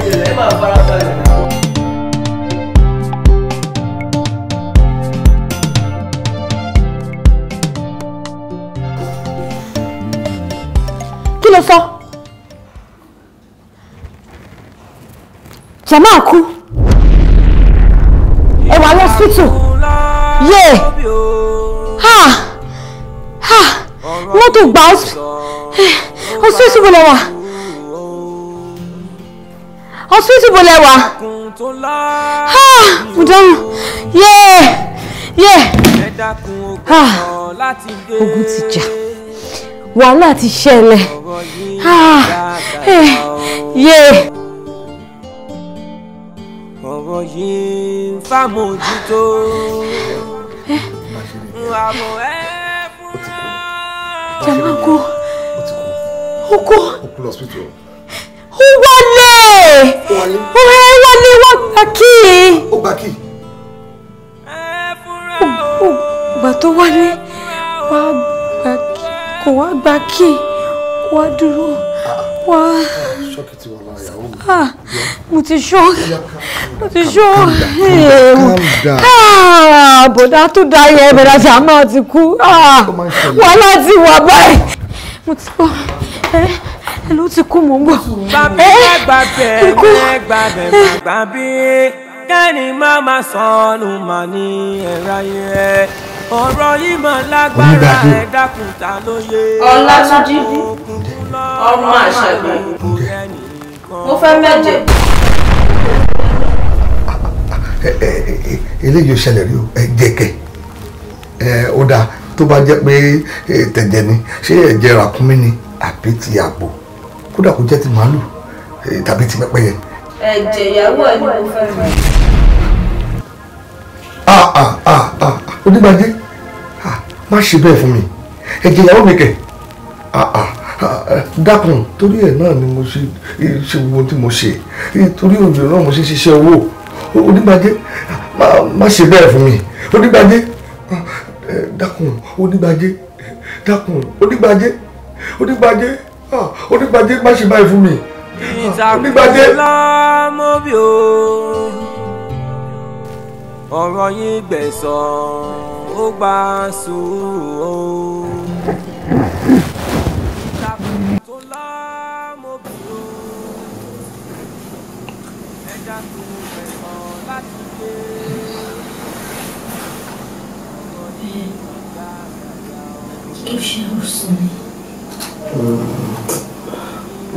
kí ló sọ jama kú ẹ wà lọ sítù yé ha mọ́tò gbà ọsibítù bò lẹ́wà ọsibítù bò lẹ́wà mo dáhùn yéé yéé ogun ti jà wàhálà ti ṣẹlẹ̀ eh, yéé. ọ̀rọ̀ yìí ń fàmójútó eh, àmọ́ ẹ́. Jàmá kú. Ó ti kú. Ó kú. Ó kú lọ síbítù. Ó wọlé. Ó wọlé. Ó wọlé wọ́n gbà kí. Ó gbà kí. Ó gbà tó wọlé. Wá gbà kí. Kò wá gbà kí. Wá dúró. Ah, wá. Ṣọ́kì ti wá. Ah, mo ti ṣọ́ mo ti ṣọ́ eh, ah, bọ̀dá tó dá yẹ bọ̀dá sàmà ti kú ah, wàhálà ti wà báyìí mo ti kọ́ ẹ ló ti kú mò ń bọ̀ ẹ ikú eh, kẹ́ni má má sọnù mà ní ẹ̀rọ ayé ọ̀rọ̀ yìí mà lágbára ẹ̀ dákun ta lóye ọlátúnjí ọmọ àṣàgbé mo fẹ́ mẹ́jẹ. Eh, eh, eh, eléyìí ò ṣẹlẹ̀ rí o ẹ jẹ́ kẹ́ ẹ ó dáa tó bá jẹ́ pé tẹ̀jẹ̀ ni ṣé ẹ̀jẹ̀ ràkúnmí ni àbí ti àgbò kódà kó jẹ́ ti màálù tàbí ti pẹ́pẹ́yẹ. ẹ̀jẹ̀ ìyàwó ẹ̀ ni mo fẹ́ mẹ́. Ah, ah, ah, onígbàdé má ṣe bẹ́ẹ̀ fún mi ẹ̀jẹ̀ ìyàwó mi kẹ̀ dákun torí ẹ̀ náà ni mo ṣe ṣe gbogbo tí mo ṣe torí òjò náà mo ṣe ṣiṣẹ́ owó onígbàjẹ́ má ṣe bẹ́ẹ̀ fún mi onígbàjẹ́ dákun onígbàjẹ́ dákun onígbàjẹ́ onígbàjẹ́ onígbàjẹ́ má ṣe báyìí fún mi onígbàjẹ́. ọ̀rọ̀ yín gbẹ̀sán ó gbà sùúrù Ìṣe ò sùn ni.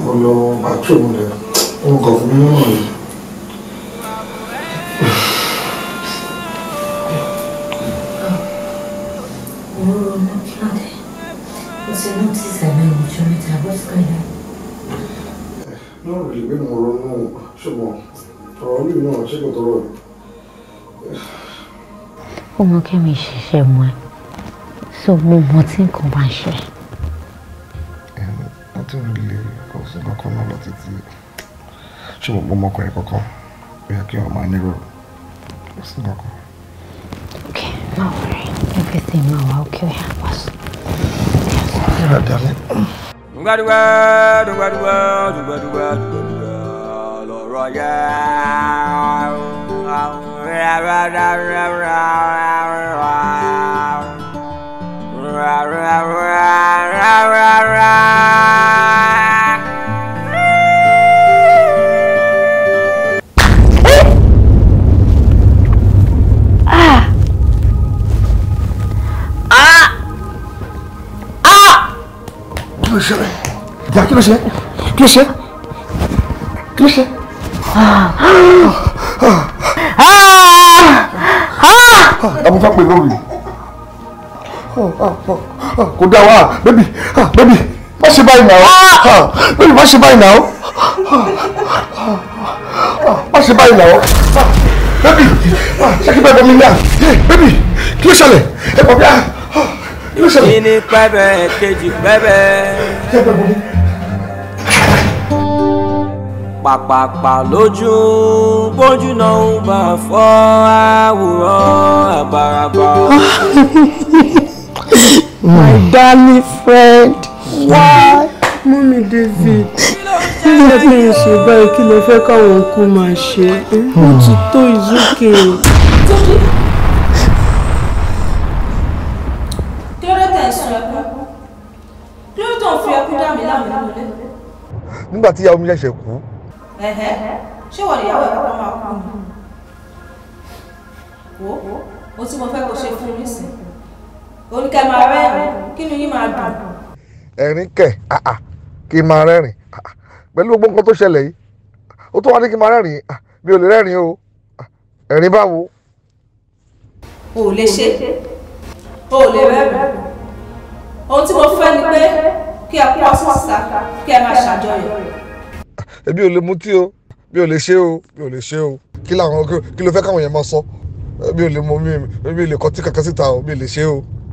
Mo lọ bàtúrò rẹ̀, mo kàn fún mímọ̀ yìí. Como que me hiciste so mo mọ tí nǹkan bá ń ṣe. wọ́n ti rí ilé kò sí kankan náà lọ títí ṣùgbọ́n mo mọkùnrin kankan ó yẹ kí wọ́n máa nírò kò sí kankan. okay no worry everything na wa okay we have us. dùgbàdùgbà dùgbàdùgbà dùgbàdùgbà dùgbàdùgbà lọ̀rọ̀ yẹn. Ah! Ah! Ah! ra ra. kí ló ṣe ìjà kí ló ṣe kí ló Ah! Ah! Ah! Ah! àbúfá pè lórí. Ah, kò dá wa bébì ah, bébì má ṣe báyìí náà ah! bébì má ṣe báyìí náà má ṣe báyìí náà bébì ṣé kí bẹ́ẹ̀ bọ́ mi náà bébì kí ló ṣẹlẹ̀ ẹ bọ̀ bí kí ló ṣẹlẹ̀. kí ni pẹ́bẹ́ kejì pẹ́bẹ́. ṣé bẹ́ẹ̀ bọ́ mi. pàpàpà lójú bójú náà ń bá fọ́ àwòrán àbáràbà. my hmm. darling friend why mummy David ilé tí mo ṣe báyìí kí lè fẹ́ káwọn kú máa ṣe hmm? Hmm. ó ti tó ìzókè. kí ló dé tẹ̀ ń sun ẹkún kí ló tó ń fi ẹkún dá mi láàmú lólé. nígbà tí ìyàwó mi ṣẹ̀ṣẹ̀ kú. ṣé wọ́n ìyàwó ẹ̀kọ́ máa kú ni? wo o tí mo fẹ́ kó ṣe fún mi sìn oníkẹ́ máa rẹ́rìn kí ni yín máa dùn. ẹ̀rín kẹ̀ kí n máa rẹ́rìn pẹ̀lú gbogbo nǹkan tó ṣẹlẹ̀ yìí ó tó wá ní kí n máa rẹ́rìn mi ò lè rẹ́rìn o ẹ̀rín báwo. o ò lè ṣe o ò lè rẹ́rìn ohun tí mo fẹ́ ni pé kí ẹ kó ọsùn síta kí ẹ máa ṣàjọyọ̀. èmi ò lè mutí o mi ò lè ṣe o mi ò lè ṣe o kí làwọn kí ló fẹ́ káwọn yẹn máa sọ mi ò lè mọ mi ò lè kọtí kankan síta o mi ò lè ṣe o.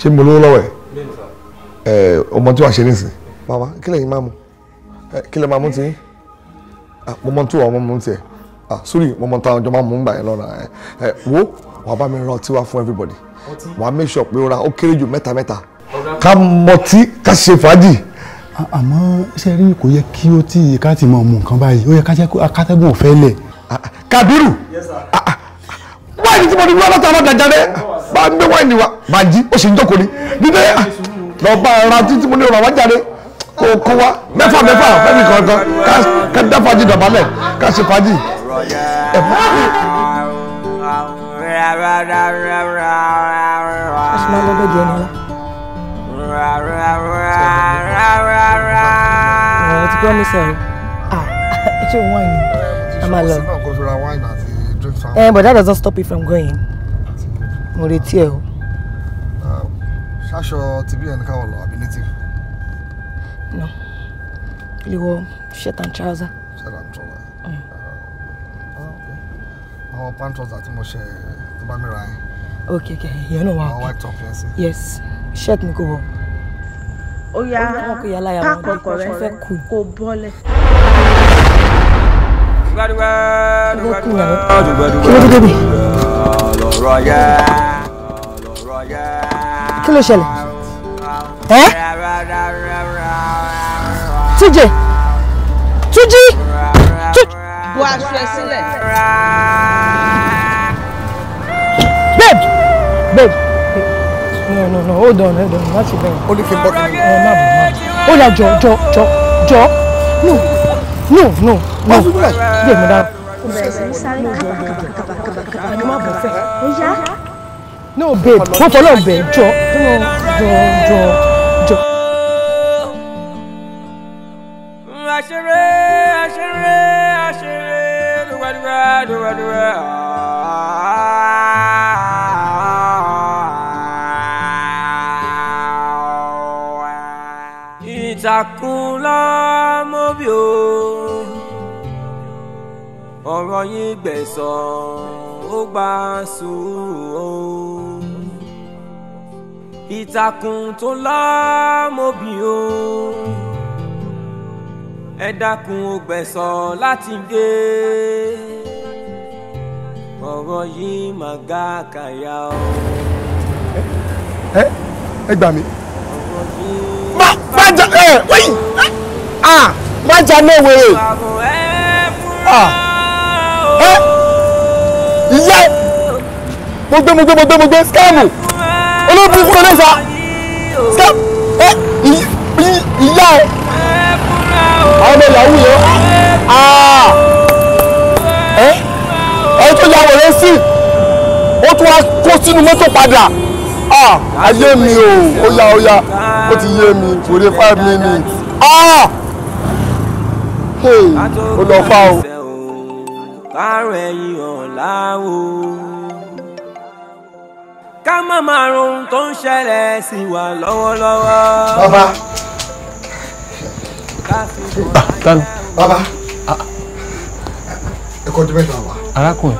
ṣé mo lówó lọ́wọ́ ẹ̀ ọmọ tí wàá ṣe nísìn. màmá kí lẹ́yìn máa mu kí lẹ́ máa mú ti yín ah, mo mọ tí wàá mọ mú tiẹ̀ ah, sórí mo mọ táwọn ọjọ́ máa mú gbà yẹn lọ́nà ẹ̀ wo wàá bá mi rán ọtí wá fún everybody wàá make sure pé ó ra ó kéré jù mẹ́ta mẹ́ta ká mọtí ká ṣe fàájì àmọ́ ṣe rí kò yẹ kí ó tí ká ti mọ mú nǹkan báyìí ó yẹ ká jẹ́ akátẹ́gùn ọ̀fẹ́ lẹ̀. Kabiru wáyé tí mo ní wọ́n lọ́tọ̀ ọmọ dàjà rẹ̀ bá ń gbé wáìnì wa bàjí ó sì ń jókòó ni dídé lọ́ba ara títí mo ní ọ̀rọ̀ wá jáde kó o kó wa mẹ́fà mẹ́fà fẹ́mi kankan ká dá fàájì dọ̀bálẹ̀ ká ṣe fàájì. ṣé eh, but that doesn't stop you from going mo retí ẹ o. Ah, ṣaṣọ tìbí ẹni káwọn lọ àbí native. no ilé wọ shirt and trouser. shirt and trouser. Mm. Ah, ah, àwọn pantos àti mo ṣe tó bá mi ra yín. ok ok ìyẹn náà wà ok. àwọn white top yẹn sí. yes shirt mi kò wọ. ó yá pákọ̀kọ̀ rẹ̀ kò bọ́lẹ̀ kí ló dé dé kí ló ṣẹlẹ̀ ẹ́ túnjẹ túnjí tú. bu aṣọ ẹ sílẹ̀. babe babe no no no hold on hold on láti bẹ̀rẹ̀. ó ní kí n bọ́ ẹ má bọ̀ má bọ̀ ó yà jọ jọ jọ jọ no no no no kò bẹ̀rẹ̀ sí sáré kàbàkàbàkàbàkàbà ni wọ́n bọ̀ fẹ́ ó yá. no babe mo fọlọ́ bẹ̀ jọ jọ jọ jọ. àṣeré àṣeré àṣeré lùwàlùwà lùwàlùwà. ìtàkùn lọ́mọ́bí o ọ̀rọ̀ yín gbẹ̀sọ̀ ó gba sùúrù o. ìtàkùn tó lámòbí o. ẹ dákun ó gbẹ̀sọ̀ láti dé. ọ̀rọ̀ yìí mà ga kàyà o. ẹ ẹ gbà mí. ọ̀rọ̀ yìí. má má jà ẹ wẹ́yìn ah má jà náà wẹ̀rẹ̀. ah ẹ ìyá mo gbé mo gbé mo gbé mo gbé skáàmù olóògùn fún ọlọ́sà skáàmù ẹ ìyá ẹ àwọn ọmọ ìyàwó yẹn ah! ẹ ẹ tó ya wọlé sí ó tún wá kó sínú mọ́tò padà ah! ayé mi o ó ya ó ya ó ti yé mi kò dé five minutes ah! ó lọ fa o kárẹ̀yìn ọ̀la o. ká má máa ron ohun tó ń ṣẹlẹ̀ sí wa lọ́wọ́lọ́wọ́. bàbá tani. bàbá ẹ kọjú mẹ́ta wá. arákùnrin.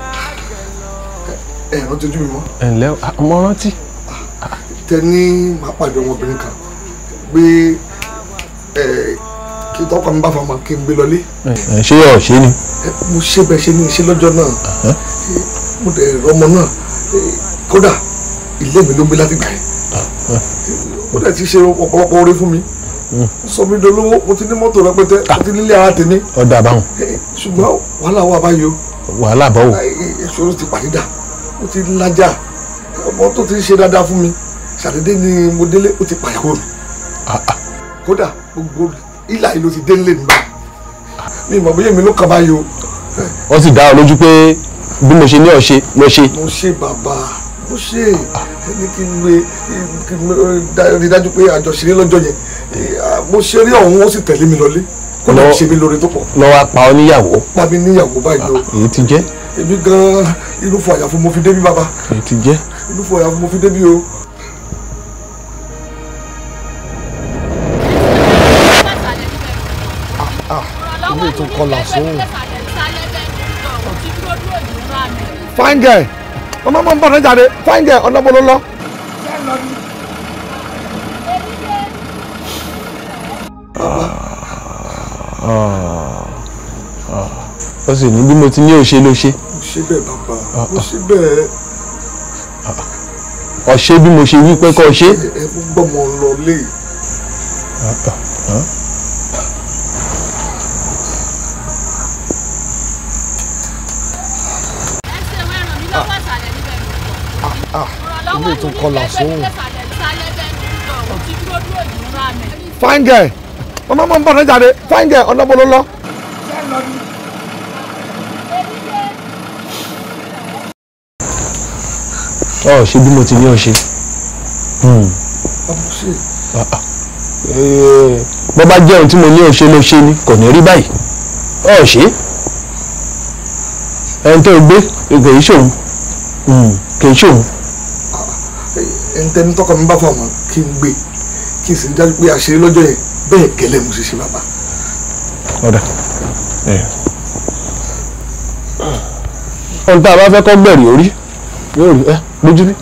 ẹ ẹ rántí ojú mi mọ́. ẹ ǹlẹ́ mo rántí. tẹ ní màá pàdé ọmọbìnrin kan gbé kí tọkọ mi bá fa ma kí n gbé lọlé. ṣé ọ̀ ṣe ni. mo ṣe bẹ́ẹ̀ ṣe ní iṣẹ́ lọ́jọ́ náà mo dẹ̀ rọmọ náà kódà ilé mi ló ń gbé láti gbà yẹn ó dẹ̀ ti ṣe ọ̀pọ̀lọpọ̀ oore fún mi mm. sọ mi dolówó mo ti ní mọ́tò rẹpẹtẹ mo ti nílé ara tèmi. ọ̀dà àbáwọn. ṣùgbọ́n wàhálà wà báyìí o. wàhálà àbáwò. ìṣòro ti pàdídà ó ti lajà ọmọ tó ti ṣe dáadáa fún mi ṣàdédé ni mo délé ó ti pàyàwó mi. Ah, ah. kódà gbogbo ilà yìí ló ti dé lè nígbà mi ìmọ̀ bóyá èmi ló kàn báyìí o. wọ́n sì dá ọ lójú pé bí mo ṣe ní ọ̀ṣe mo ṣe. mo ṣe bàbá mo ṣe ní kí n gbé kí n rí dájú pé àjọṣeré lọ́jọ́ yẹn mo ṣeré ọ̀hún ó sì tẹ̀lé mi lọlé kó lọ́ọ́ ṣe mi lóore tó pọ̀. lọ wá pa ọ níyàwó. pa mi níyàwó báyìí o. èyí ti jẹ́. èmi gan-an irúfọ̀ àyàfo mo fi débí bàbá. èyí ti jẹ́. irúfọ̀ àyàfo mo fi débí o. tún kọlà sóhùn. fine girl ọmọ mọ́ ń bọ̀ náà jáde fine girl ọlọ́bọ̀ ló lọ. ó sì ní bí mo ti ní òṣè ló ṣe. mo ah, ah. ṣe bẹ́ẹ̀ bàbá ah, mo ṣe bẹ́ẹ̀. ọ̀ṣẹ́ bí mo ṣe wí pé kọ́ ṣe. ẹ mú gbọ́mọ lọ léyìí. tún kọlà sóhun. fine girl ọmọ ọmọ nbọ nájà de fine girl ọ̀nà bolo lọ. ọ ṣe bí mo ti ní ọ ṣe. Hmm. Ah, ah. Eh, bó bá jẹ́ ohun tí mo ní ọ ṣe ló ṣe ni kò ní rí báyìí ọ ṣe ẹni tó gbé kì í ṣòun hmm, kì í ṣòun ẹnitẹni tọkọ mi bá fà mọ kí n gbé kí n sì dájú pé àṣírí lọ́jọ́ yẹn bẹ́ẹ̀ gẹ́lẹ́ mo ṣe ṣe bàbá. ọ̀dà ohun tá a bá fẹ́ kọ́ gbẹ̀rì orí yóò rí ẹ lójú bí.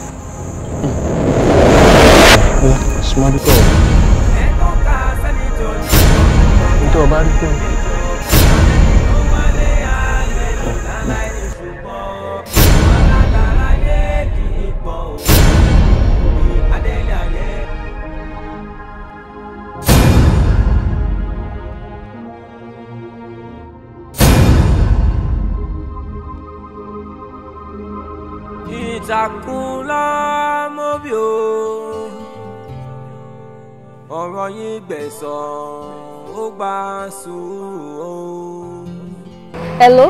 gbẹ̀san ó gbà sùúrù. hello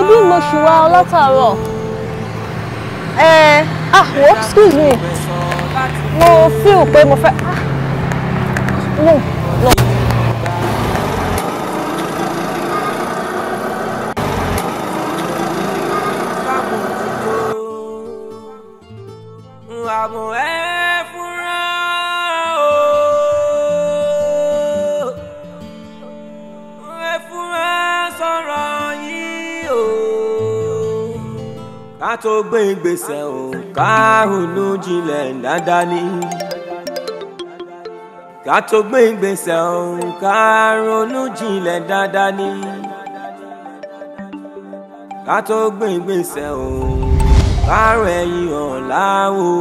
ibi mo ṣì wá ọlọ́tàárọ̀ ẹ ah wo excuse me mo feel pé mo fẹ́ ah no. ká tó gbé ìgbésẹ̀ o ká jinlẹ̀ dáadáa ni. ká tó gbé ìgbésẹ̀ o ká jinlẹ̀ dáadáa ni. ká tó gbé ìgbésẹ̀ o ká rẹ̀ ọ̀la o.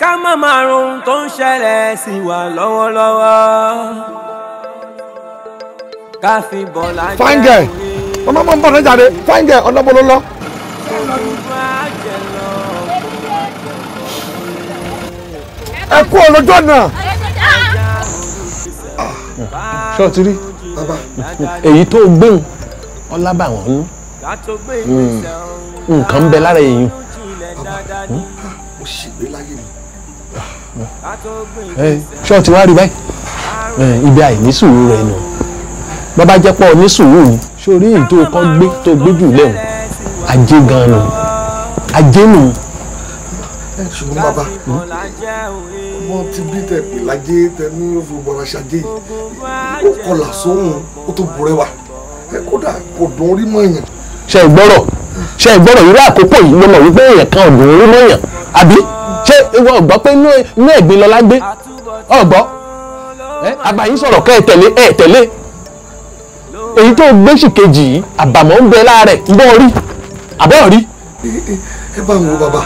ká má máa ronú tó ń ṣẹlẹ̀ sí wa lọ́wọ́lọ́wọ́. ká fi bọ̀lá jẹ́ orí màmá mọ̀ ń bọ̀ lọ́jà rẹ̀ fáìndì ẹ̀ lọ. ẹ kú olójú ọ̀nà. ṣọ́ọ̀tì rí èyí tó gbóhùn ọlá bá wọn nú hmm. nǹkan bẹ lára èyí. mo ṣègbè láyé mi ṣọ́ọ̀tì wá rí báyìí ibi àìní sùúrù rẹ̀ nù bàbá jẹ́pọ̀ ní sùúrù ni sórí èyí tó kọ́ gbé tó gbé jù lẹ́hùn ajé gan nù ajé nù. ẹ ṣùgbọ́n bàbá ọmọ ti bí tẹ pè lájé tẹ ní òfò bọ̀rọ̀ ṣàjẹ́ yìí ó kọlà sóhun ó tó burẹ́wà ẹ kódà kò dùn orí mọ́ èèyàn. ṣe ìgbọ́rọ̀ ṣe ìgbọ́rọ̀ irú àkókò yìí ló mọ̀ wípé èèyàn kan ò dùn orí mọ́ èèyàn àbí ṣé ìwọ ọ̀gbọ́ pé inú ẹ̀gbin lọ́lá gbé ọ̀gbọ́ àgbà yín sọ̀rọ̀ kẹ́ ẹ̀ tẹ̀lé ẹ̀ tẹ̀lé èyí tó gbé sì kejì yìí àbàmọ́ ń bẹ láàrẹ̀ ń bọ́ rí àbọ̀ rí. ẹ bá mi wo bàbá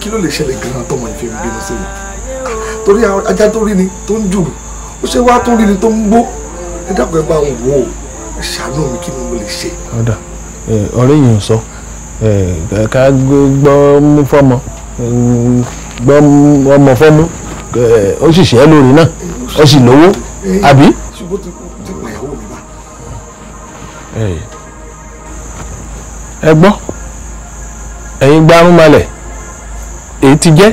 kí ló lè ṣẹlẹ̀ gan-an tọmọ ìfẹ́ mi bínú sí mi torí ajá tó rí ni tó ń jùrù ó ṣe wá tó rí ni tó ń gbó ẹ dàpọ̀ ẹ bá wọn wò ó ṣàánú mi kí ni mo lè ṣe. ọ̀dà ọ̀rẹ́ yìí ń sọ ká gbọ́ mú fọ́mọ gbọ́ ọmọ fọ́mú ó sì ṣe é lórí náà ó sì lówó àbí ẹ gbọ́ ẹ̀yin gbárùn malẹ̀ èyí ti jẹ́.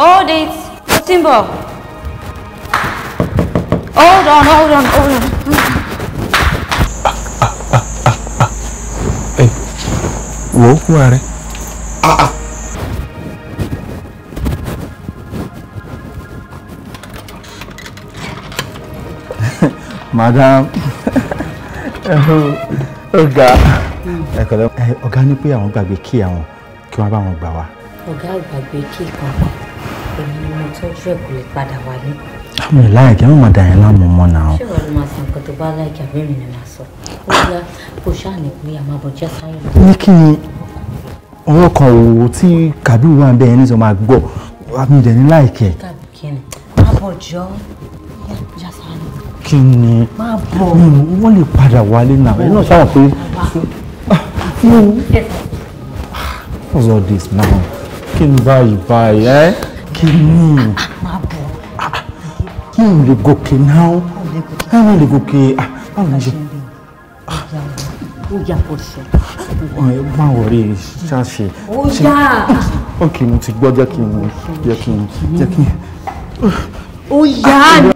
Hold it, mo ti ń bọ̀. Hold on, hold on, hold on. Wo kúra rẹ̀? Ah, ah. madam ọ̀gá ẹ̀kọ́lẹ́ ọ̀gá ní pé àwọn gbàgbé kí àwọn kí wọ́n bá wọn gbà wá. ọ̀gá ò gbàgbé kí kankan èmi ni mo tọ́jú ẹ̀ kò lè padà wálé. àmì láìkí àwọn ọ̀dà yẹn láàmú mọ́ náà. ṣé wàá ló máa san nǹkan tó bá láìkí àbẹ́rẹ́ ni màá sọ bóyá kò ṣáà ní pé àmọ́ àbọ̀jẹ́ sáyé. ní kí ni ọ̀rọ̀ kan òwò tí kàbí wà bẹ́ẹ̀ ní sọ máa gbọ́ àmì ìdẹ̀ láìkẹ́. kàbí kí ni àbọ̀jọ́ kí ni wọ́n lè padà wálé náà ẹ náà ṣáà pé what's all this now kí ni báyìí báyìí ẹ kí ni mo ò lè gòkè náà ẹ mo lè gòkè ah, báwo ni ṣe. ó yà pọ̀ sí. ẹ má wọrí ṣáṣe. ó yà. ok mo ti gbọ́ jẹ́ kí n jẹ́ kí n jẹ́ kí n. ó yà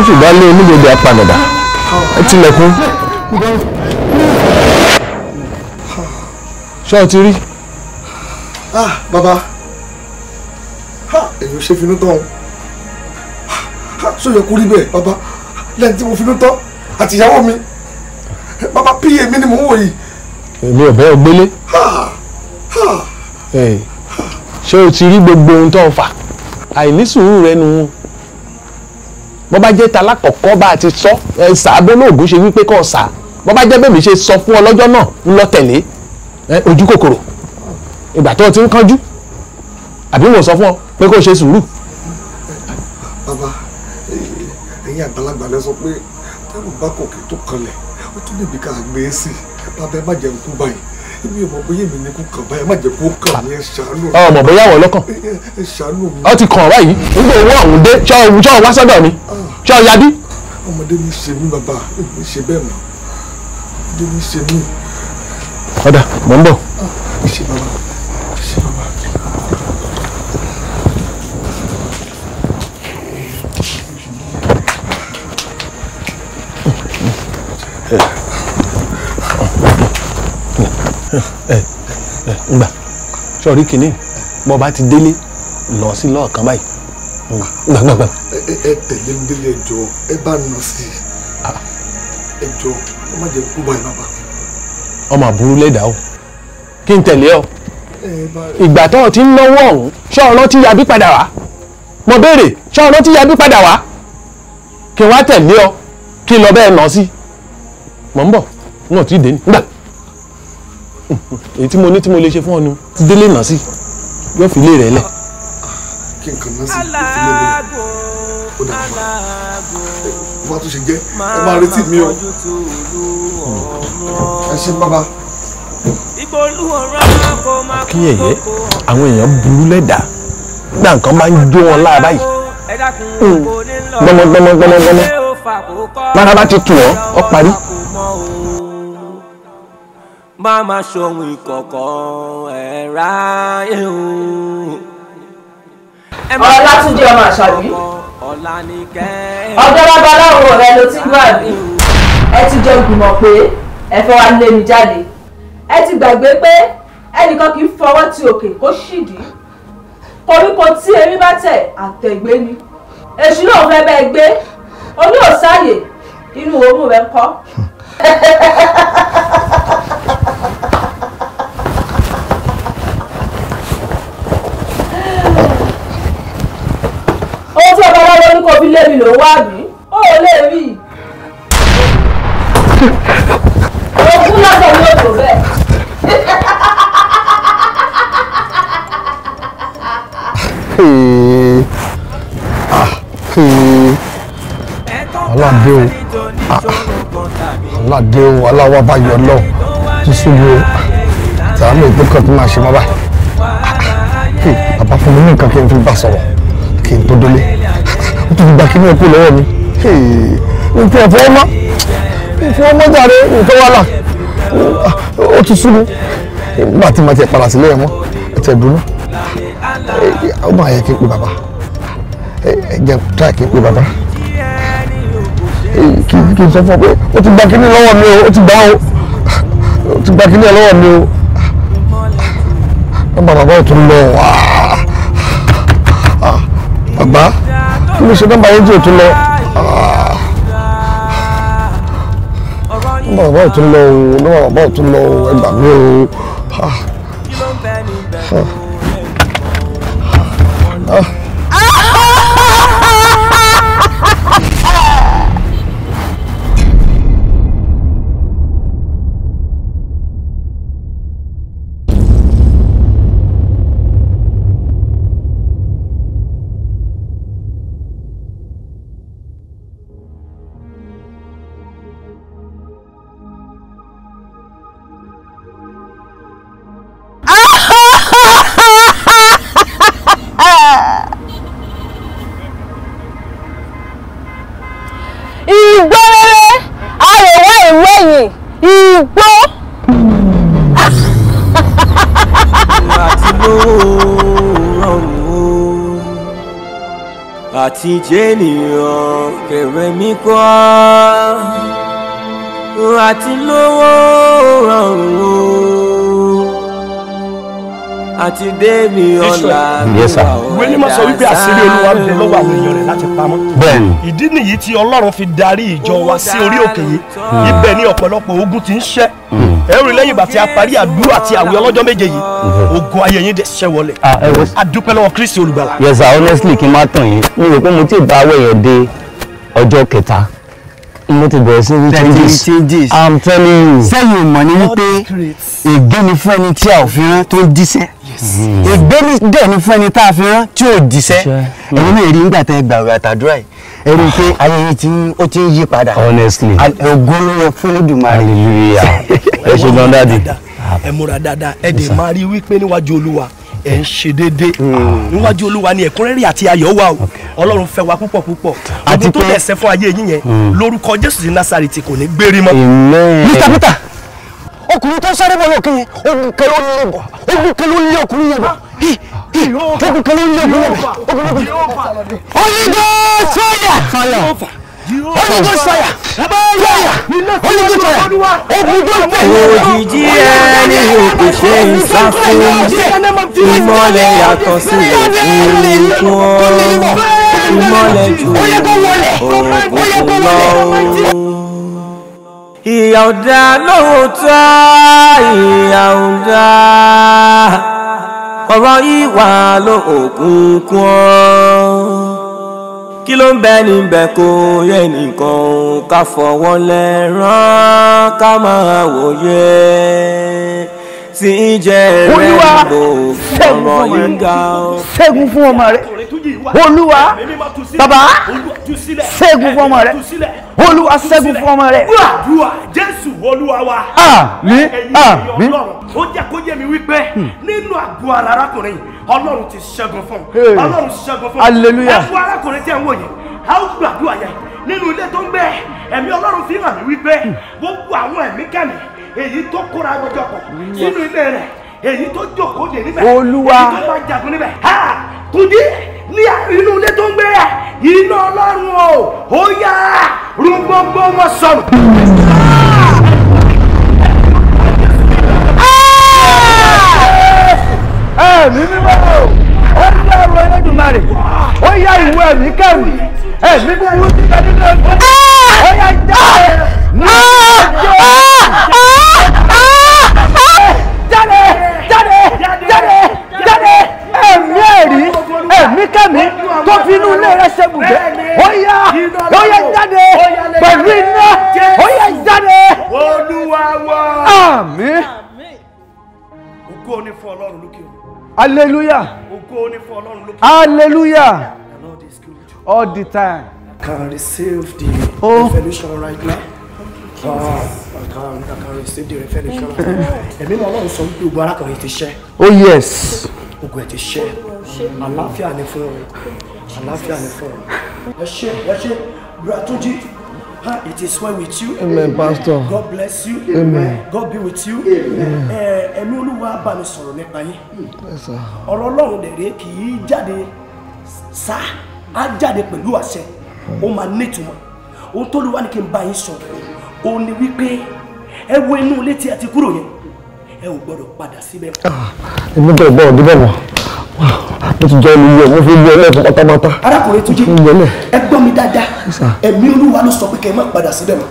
ó sì dálé onígbèdè apanàdà ẹ tilẹ̀kùn. ṣé o ti rí. ah bàbá èyí ò ṣe finú tán o sóyè kú rí bẹ́ẹ̀ bàbá lẹ́yìn tí mo finú tán àtìyàwó mi bàbá pí èmi ni mò ń wò yìí. èmi ò bẹ́ẹ̀ gbélé. ṣé o ti rí gbogbo ohun tó ń fà àìní sùúrù rẹ nu bó bá jẹ́ ta lákọ̀ọ́kọ́ bá a ti sọ ẹ sà bó lóògùn ṣe wípé kọ́ sà bó bá jẹ́ bẹ́ẹ̀ mi ṣe sọ fún ọ lọ́jọ́ náà ń lọ tẹ̀lé ojú kòkòrò ìgbà tó ti ń kánjú àbí wọ́n sọ fún ọ pé kó ṣe sùúrù. bàbá ẹ̀yin àgbàlagbà lẹ sọ pé táwọn bá kòkè tó kanlẹ̀ ó tún níbi ká gbé e sí bàbá ẹ má jẹun kú báyìí èmi ò bóyá èmi ni kò kàn báyìí má jẹ́ kó kàn mí ṣàánú. ọmọ bóyá wọ lọ́kàn. ṣàánú mi. ó ti kàn báyìí nígbà owó ọ̀hún dé ṣọ́ọ̀ wá sọ́dọ̀ mi ṣé ọ̀yà bí. ọmọdé ní ṣe mí bàbá mi ṣe bẹ́ẹ̀ mọ́ ọmọdé ní ṣe mí. ọ̀dà mò ń bọ̀. Ah, ṣe bàbá ṣe bàbá. ngbà sọ̀rí kìíní bọ́ọ̀ bá ti délé lọ sí lọ́ọ̀kan báyìí gbàgbàgbà. ẹ tẹ̀lé mi délé ẹjọ́ ẹ bá nà sí i ẹjọ́ ẹ má jẹ́ kú báyìí bàbá. ọmọ àbúrú lẹ́dàá o kí n tẹ̀lé ọ ìgbà tó o ti ń náwó ọ̀hún ṣé ọ̀rọ̀ ti yabí padà wá mo béèrè ṣé ọ̀rọ̀ ti yabí padà wá kí n wá tẹ̀lé ọ kí n lọ bẹ́ẹ̀ nà sí mọ̀ ń bọ̀ náà ti dé nígbà èyí tí mo ní tí mo lè ṣe fún ọ nu délé nà sí yóò fi lé rẹ lẹ̀ kí nǹkan náà sì ìfilé mi ó dà pa bó bá tún ṣe jẹ́ ẹ máa retí mi o ẹ ṣe bàbá. kíyẹ̀yẹ́ àwọn èèyàn burú lẹ́dà gbà nǹkan máa ń jó wọn lára báyìí gbọmọgbọmọgbọmọgbọmọ hmm. lára bá ti tù ọ́ ọ parí máa ma ṣohun ìkọ̀kọ̀ ẹ̀ráyé o ọ̀rọ̀ látúndé ọmọ àṣàbí ọjọ́ babaláwo rẹ ló ti gbọ́ àbí ẹ ti jọ gbìmọ̀ pé ẹ fẹ́ wá lé mi jáde ẹ ti gbàgbé pé ẹnìkan kì í fọwọ́ ti òkè kó ṣìdìí koríko tí erí bá tẹ̀ àtẹ̀gbé ni èṣù náà fẹ́ bẹ́ẹ̀ gbé oní òsáyè inú òórùn rẹ̀ kọ́. fi lé mi ló wá bí ó ò lè rí i. ogún lọ́sọ̀ ni ó tó bẹ́ẹ̀. aládé o aládé o aláwa bá yọ lọ jísù ni o tààmì ìpínkàn tó máa ṣe mọ́ báyìí bàbá fún mi ní nǹkan kí n fi bá sọ̀rọ̀ kí n tó délé o ti gbà kí ní ẹkú lọ́wọ́ mi nǹkan ẹ̀fọ́ ọmọ ìfọ́ ọmọ jàre nǹkan wàhálà ó ti sún mi nígbà tí màá ti padà sílẹ̀ mọ́ ẹ̀tẹ̀ dùnú ó máa yẹ kí n pe bàbá ẹ̀jẹ̀ táì kí n pe bàbá kí n sọ fún ọ pé ó ti gbà kí ní lọ́wọ́ mi o ó ti gbà o ó ti gbà kí ní ẹ lọ́wọ́ mi o bàbá bàbá ò tún lọ wá ah, ah, bàbá kí ṣe nọ́mbà yẹn tí ò lọ. nọ́mbà bàbá ò lọ o nọ́mbà bàbá ò lọ o ẹ gbà mí o. Ah. ah. kìí jẹ́ ènìyàn kẹ̀rẹ́ mi kọ́ àti lówó rọrùn o àti débi ọ̀la ìwà ọ̀la ìwé mímọ́ sọ wípé àṣírí olúwa bẹ lọ́wọ́ àwọn èèyàn rẹ̀ láti pamọ́ ìdí nìyí tí ọlọ́run fi darí ìjọ wa sí orí òkè yìí mm. ibẹ̀ ni ọ̀pọ̀lọpọ̀ ogun ti ń ṣẹ́ ẹ lẹ́yìn ìgbà tí a parí àdúrà àti àwẹ̀ ọlọ́jọ́ méje yìí mhm. ogun ayé yín dẹ̀ ṣẹ́ wọlé ah, a lọ́wọ́ Kristi olùgbàlà. yes sir honestly kí n má tàn yín mi rò pé mo ti bá awẹ́ yẹn dé ọjọ́ kẹta mo ti bẹ̀rẹ̀ sí ní changes i'm telling you. sẹ́yìn ìmọ̀ ni wípé ègbé ni fún ẹni tí a ò fi rán tó ń díṣẹ́ ègbé mhm. dẹ̀ ni fún ẹni tá a fi rán tí ò díṣẹ́ ẹ̀yin mhm. náà rí nígbà tá ẹ gbàgbà àtàdúrà yìí ẹ pé ayẹyẹ ó ti ń yí padà honestly ògo ló yẹ fún Olódùmarè. hallelujah ẹ ṣe gan dáàdi ẹ múra dáadáa ẹ dẹ̀ máa rí wípé níwájú olúwa ẹ ń ṣe déédéé hmm. níwájú olúwa ni ẹ̀kúnrẹ́rẹ́ àti ayọ̀ wà o ọlọ́run fẹ́ wa púpọ̀ púpọ̀ ọdún tó dẹ̀sẹ̀ fún ayé yín yẹn hmm. lórúkọ jésù ti násàrìtì kò ní gbérí mọ́. mr peter ọkùnrin tó sáré bọ́ lọ́kàn yẹn ogun kan ló ń lé bọ̀ ogun kan ló ń lé ọkùnrin yẹn bọ̀ ogun kan ló ń lé ọkùnrin yẹn bọ̀ ogun kan ló ń lé ọkùnrin yẹn bọ̀. holy god fire. Holy Ghost fire! Fire! Holy Ghost fire! Open door fire! Òjijì ẹni òkè ṣe ń sá fún ìmọ̀lẹ̀ yàtọ̀ sí ìkún ìmọ̀lẹ̀ jù òkùnkùn lọ. Ìyà ò dá lóòótọ́, ìyà ò dá. Ọ̀rọ̀ ìwà ló òkùnkùn ọ́ kí ló ń bẹ níbẹ̀ kó yẹ nìkan ká fọwọ́ lẹ́rán ká máa wòye tí ń jẹ́ rẹ̀ bò ọmọ yín ga. ṣẹ́gun fún ọmọ rẹ̀ olúwa bàbá ṣẹ́gun fún ọmọ rẹ olúwa ṣẹ́gun fún ọmọ rẹ. jésù olúwa wa. àmín àmín. ó jẹ́ kó yé mi wípé hmm. nínú àgọ́ ara arákùnrin ọlọ́run ti ṣẹ́gun fún un ọlọ́run ti ṣẹ́gun fún un. hallelujah. ẹ fún arákùnrin tí ẹ ń wò yẹn a ó gbàdúrà yẹn nínú ilé tó ń gbé ẹ̀mí ọlọ́run fi hàn mí wípé hmm. gbogbo àwọn ẹ̀mí kẹ́mi èyí tó kóra gbọjọ pọ̀ hmm. sínú ilé rẹ̀ èyí tó jókòó dè níbẹ̀ èyí tó bá jagun níbẹ̀ Túnjí ní inú ilé tó ń gbé yà iná ọlọ́run o ó yá rún gbogbo wọn sọnù. Ah! ẹ̀mí mímọ́ o ó ń dá ọ̀rọ̀ Ẹlẹ́dùmarè ó yá ìwé ẹ̀mí kẹ̀wé ẹ̀mí búburú ti ah! ó yá jáde ní ọjọ́ ẹ̀míkẹ́mí tó fi inú ilé rẹ ṣe bùgbé ó yá ó yá jáde pẹ̀lú iná ó yá jáde. olúwa wá. àmín. ògo ni fún ọlọ́run lókè o. hallelujah. ògo ni fún ọlọ́run lókè o. the lord is good. all the time. I can receive the oh. revelation right now. Ah ẹ̀mí mọ́ ọlọ́run sọ wípé ogun arákùnrin ti ṣẹ́. oh yes. ogun ẹ̀ ti ṣẹ́ àlàáfíà ni fún ọ àlàáfíà ni fún ọ ẹ ṣé ẹ ṣé Túnjí. Ha, it is well with you. Amen, Pastor. God bless you. Amen. God be with you. Amen. Ẹ̀mí Olúwa bá mi sọ̀rọ̀ nípa yín. Ọ̀rọ̀ Ọlọ́run dẹ̀rẹ̀ kì í jáde sá, á jáde pẹ̀lú àṣẹ. Ó máa nítumọ̀. Ohun tó lè wá ní kí n bá yín sọ. Ó ní wípé ẹ wo inú ilé tí ẹ ti kúrò yẹn. Ẹ ò gbọ́dọ̀ padà síbẹ̀. Ẹ̀mí kẹ́ ẹ̀ gbọ́dọ̀ dúbẹ̀ mo ti jẹ́ olùyẹ mo fi lu ẹlẹ́fọ́ pátápátá. arákùnrin tó jẹ́ ẹ gbọ́ mi dáadáa ẹ̀mí olúwa ló sọ pé kẹ́ ẹ má padà síbẹ̀ mọ́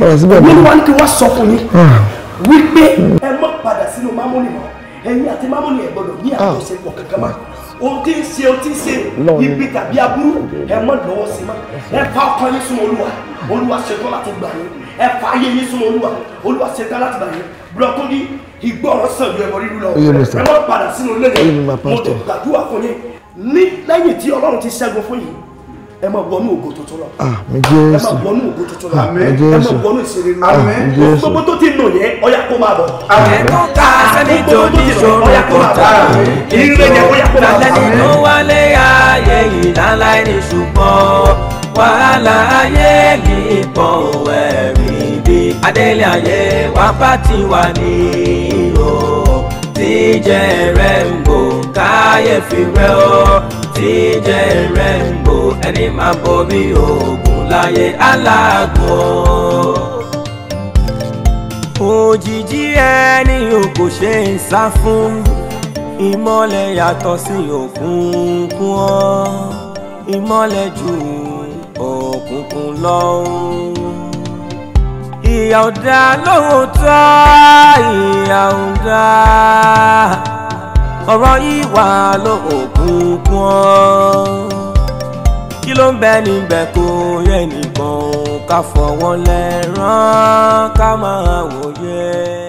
padà síbẹ̀ mọ́ olúwa ní kí wọ́n sọ fún yín ah. wípé ẹ má padà sínú mámúlì mọ́ ẹ̀yin àti mámúlì ẹ̀ gbọ́dọ̀ ní ah. àjọṣepọ̀ kankan mọ́ ohun tí ń ṣe ohun tí ń ṣe ibi tàbí aburú ẹ má lọ́wọ́ sí mọ́ ẹ fa ọkàn yín sún olúwa olúwa ṣetán láti gbà yín ẹ fa ayé yín sún olúwa olúwa ṣetán láti gbà yín lọ tó ní ìgbọràn sàn ju ẹbọ rírú lọ ẹ padà sínú ilé mo tẹ gbàdúrà fún yín ní lẹ́yìn tí Ọlọ́run ti ṣẹ́gun fún yín ẹ máa wọnú ògo tuntun lọ ah, ẹ máa wọnú ògo tuntun lọ ah, ẹ máa wọnú ìṣeré lọ ah, gbogbo tó ti nù yẹn ọyà kó máa bọ. àmín ta sẹ́ni tó ní ta ìrè yẹn kó yà kó máa bọ. lálẹ́ nínú wálé ayé ìdáláì ṣùgbọ́n wàhálà ayé ní ìbọn òwẹ́rù adélé ayé wapati tiwa ní o tíjẹ rẹ ń bò káyéfì rẹ o tíjẹ rẹ ń bò ẹni máa bọ bí oògùn láyé alágùn o. òjijì ẹni o ṣe ń sá fún ìmọ́lẹ̀ yàtọ̀ sí òkùnkùn ọ́ ìmọ́lẹ̀ ju òkùnkùn lọ ìyà ò dá lóòótọ́ ìyà ò dá ọ̀rọ̀ ìwà ló òkùnkùn ọ́ kí ló ń bẹ níbẹ̀ kó yẹ nìkan ká fọwọ́ lẹ́rán ká máa wòye.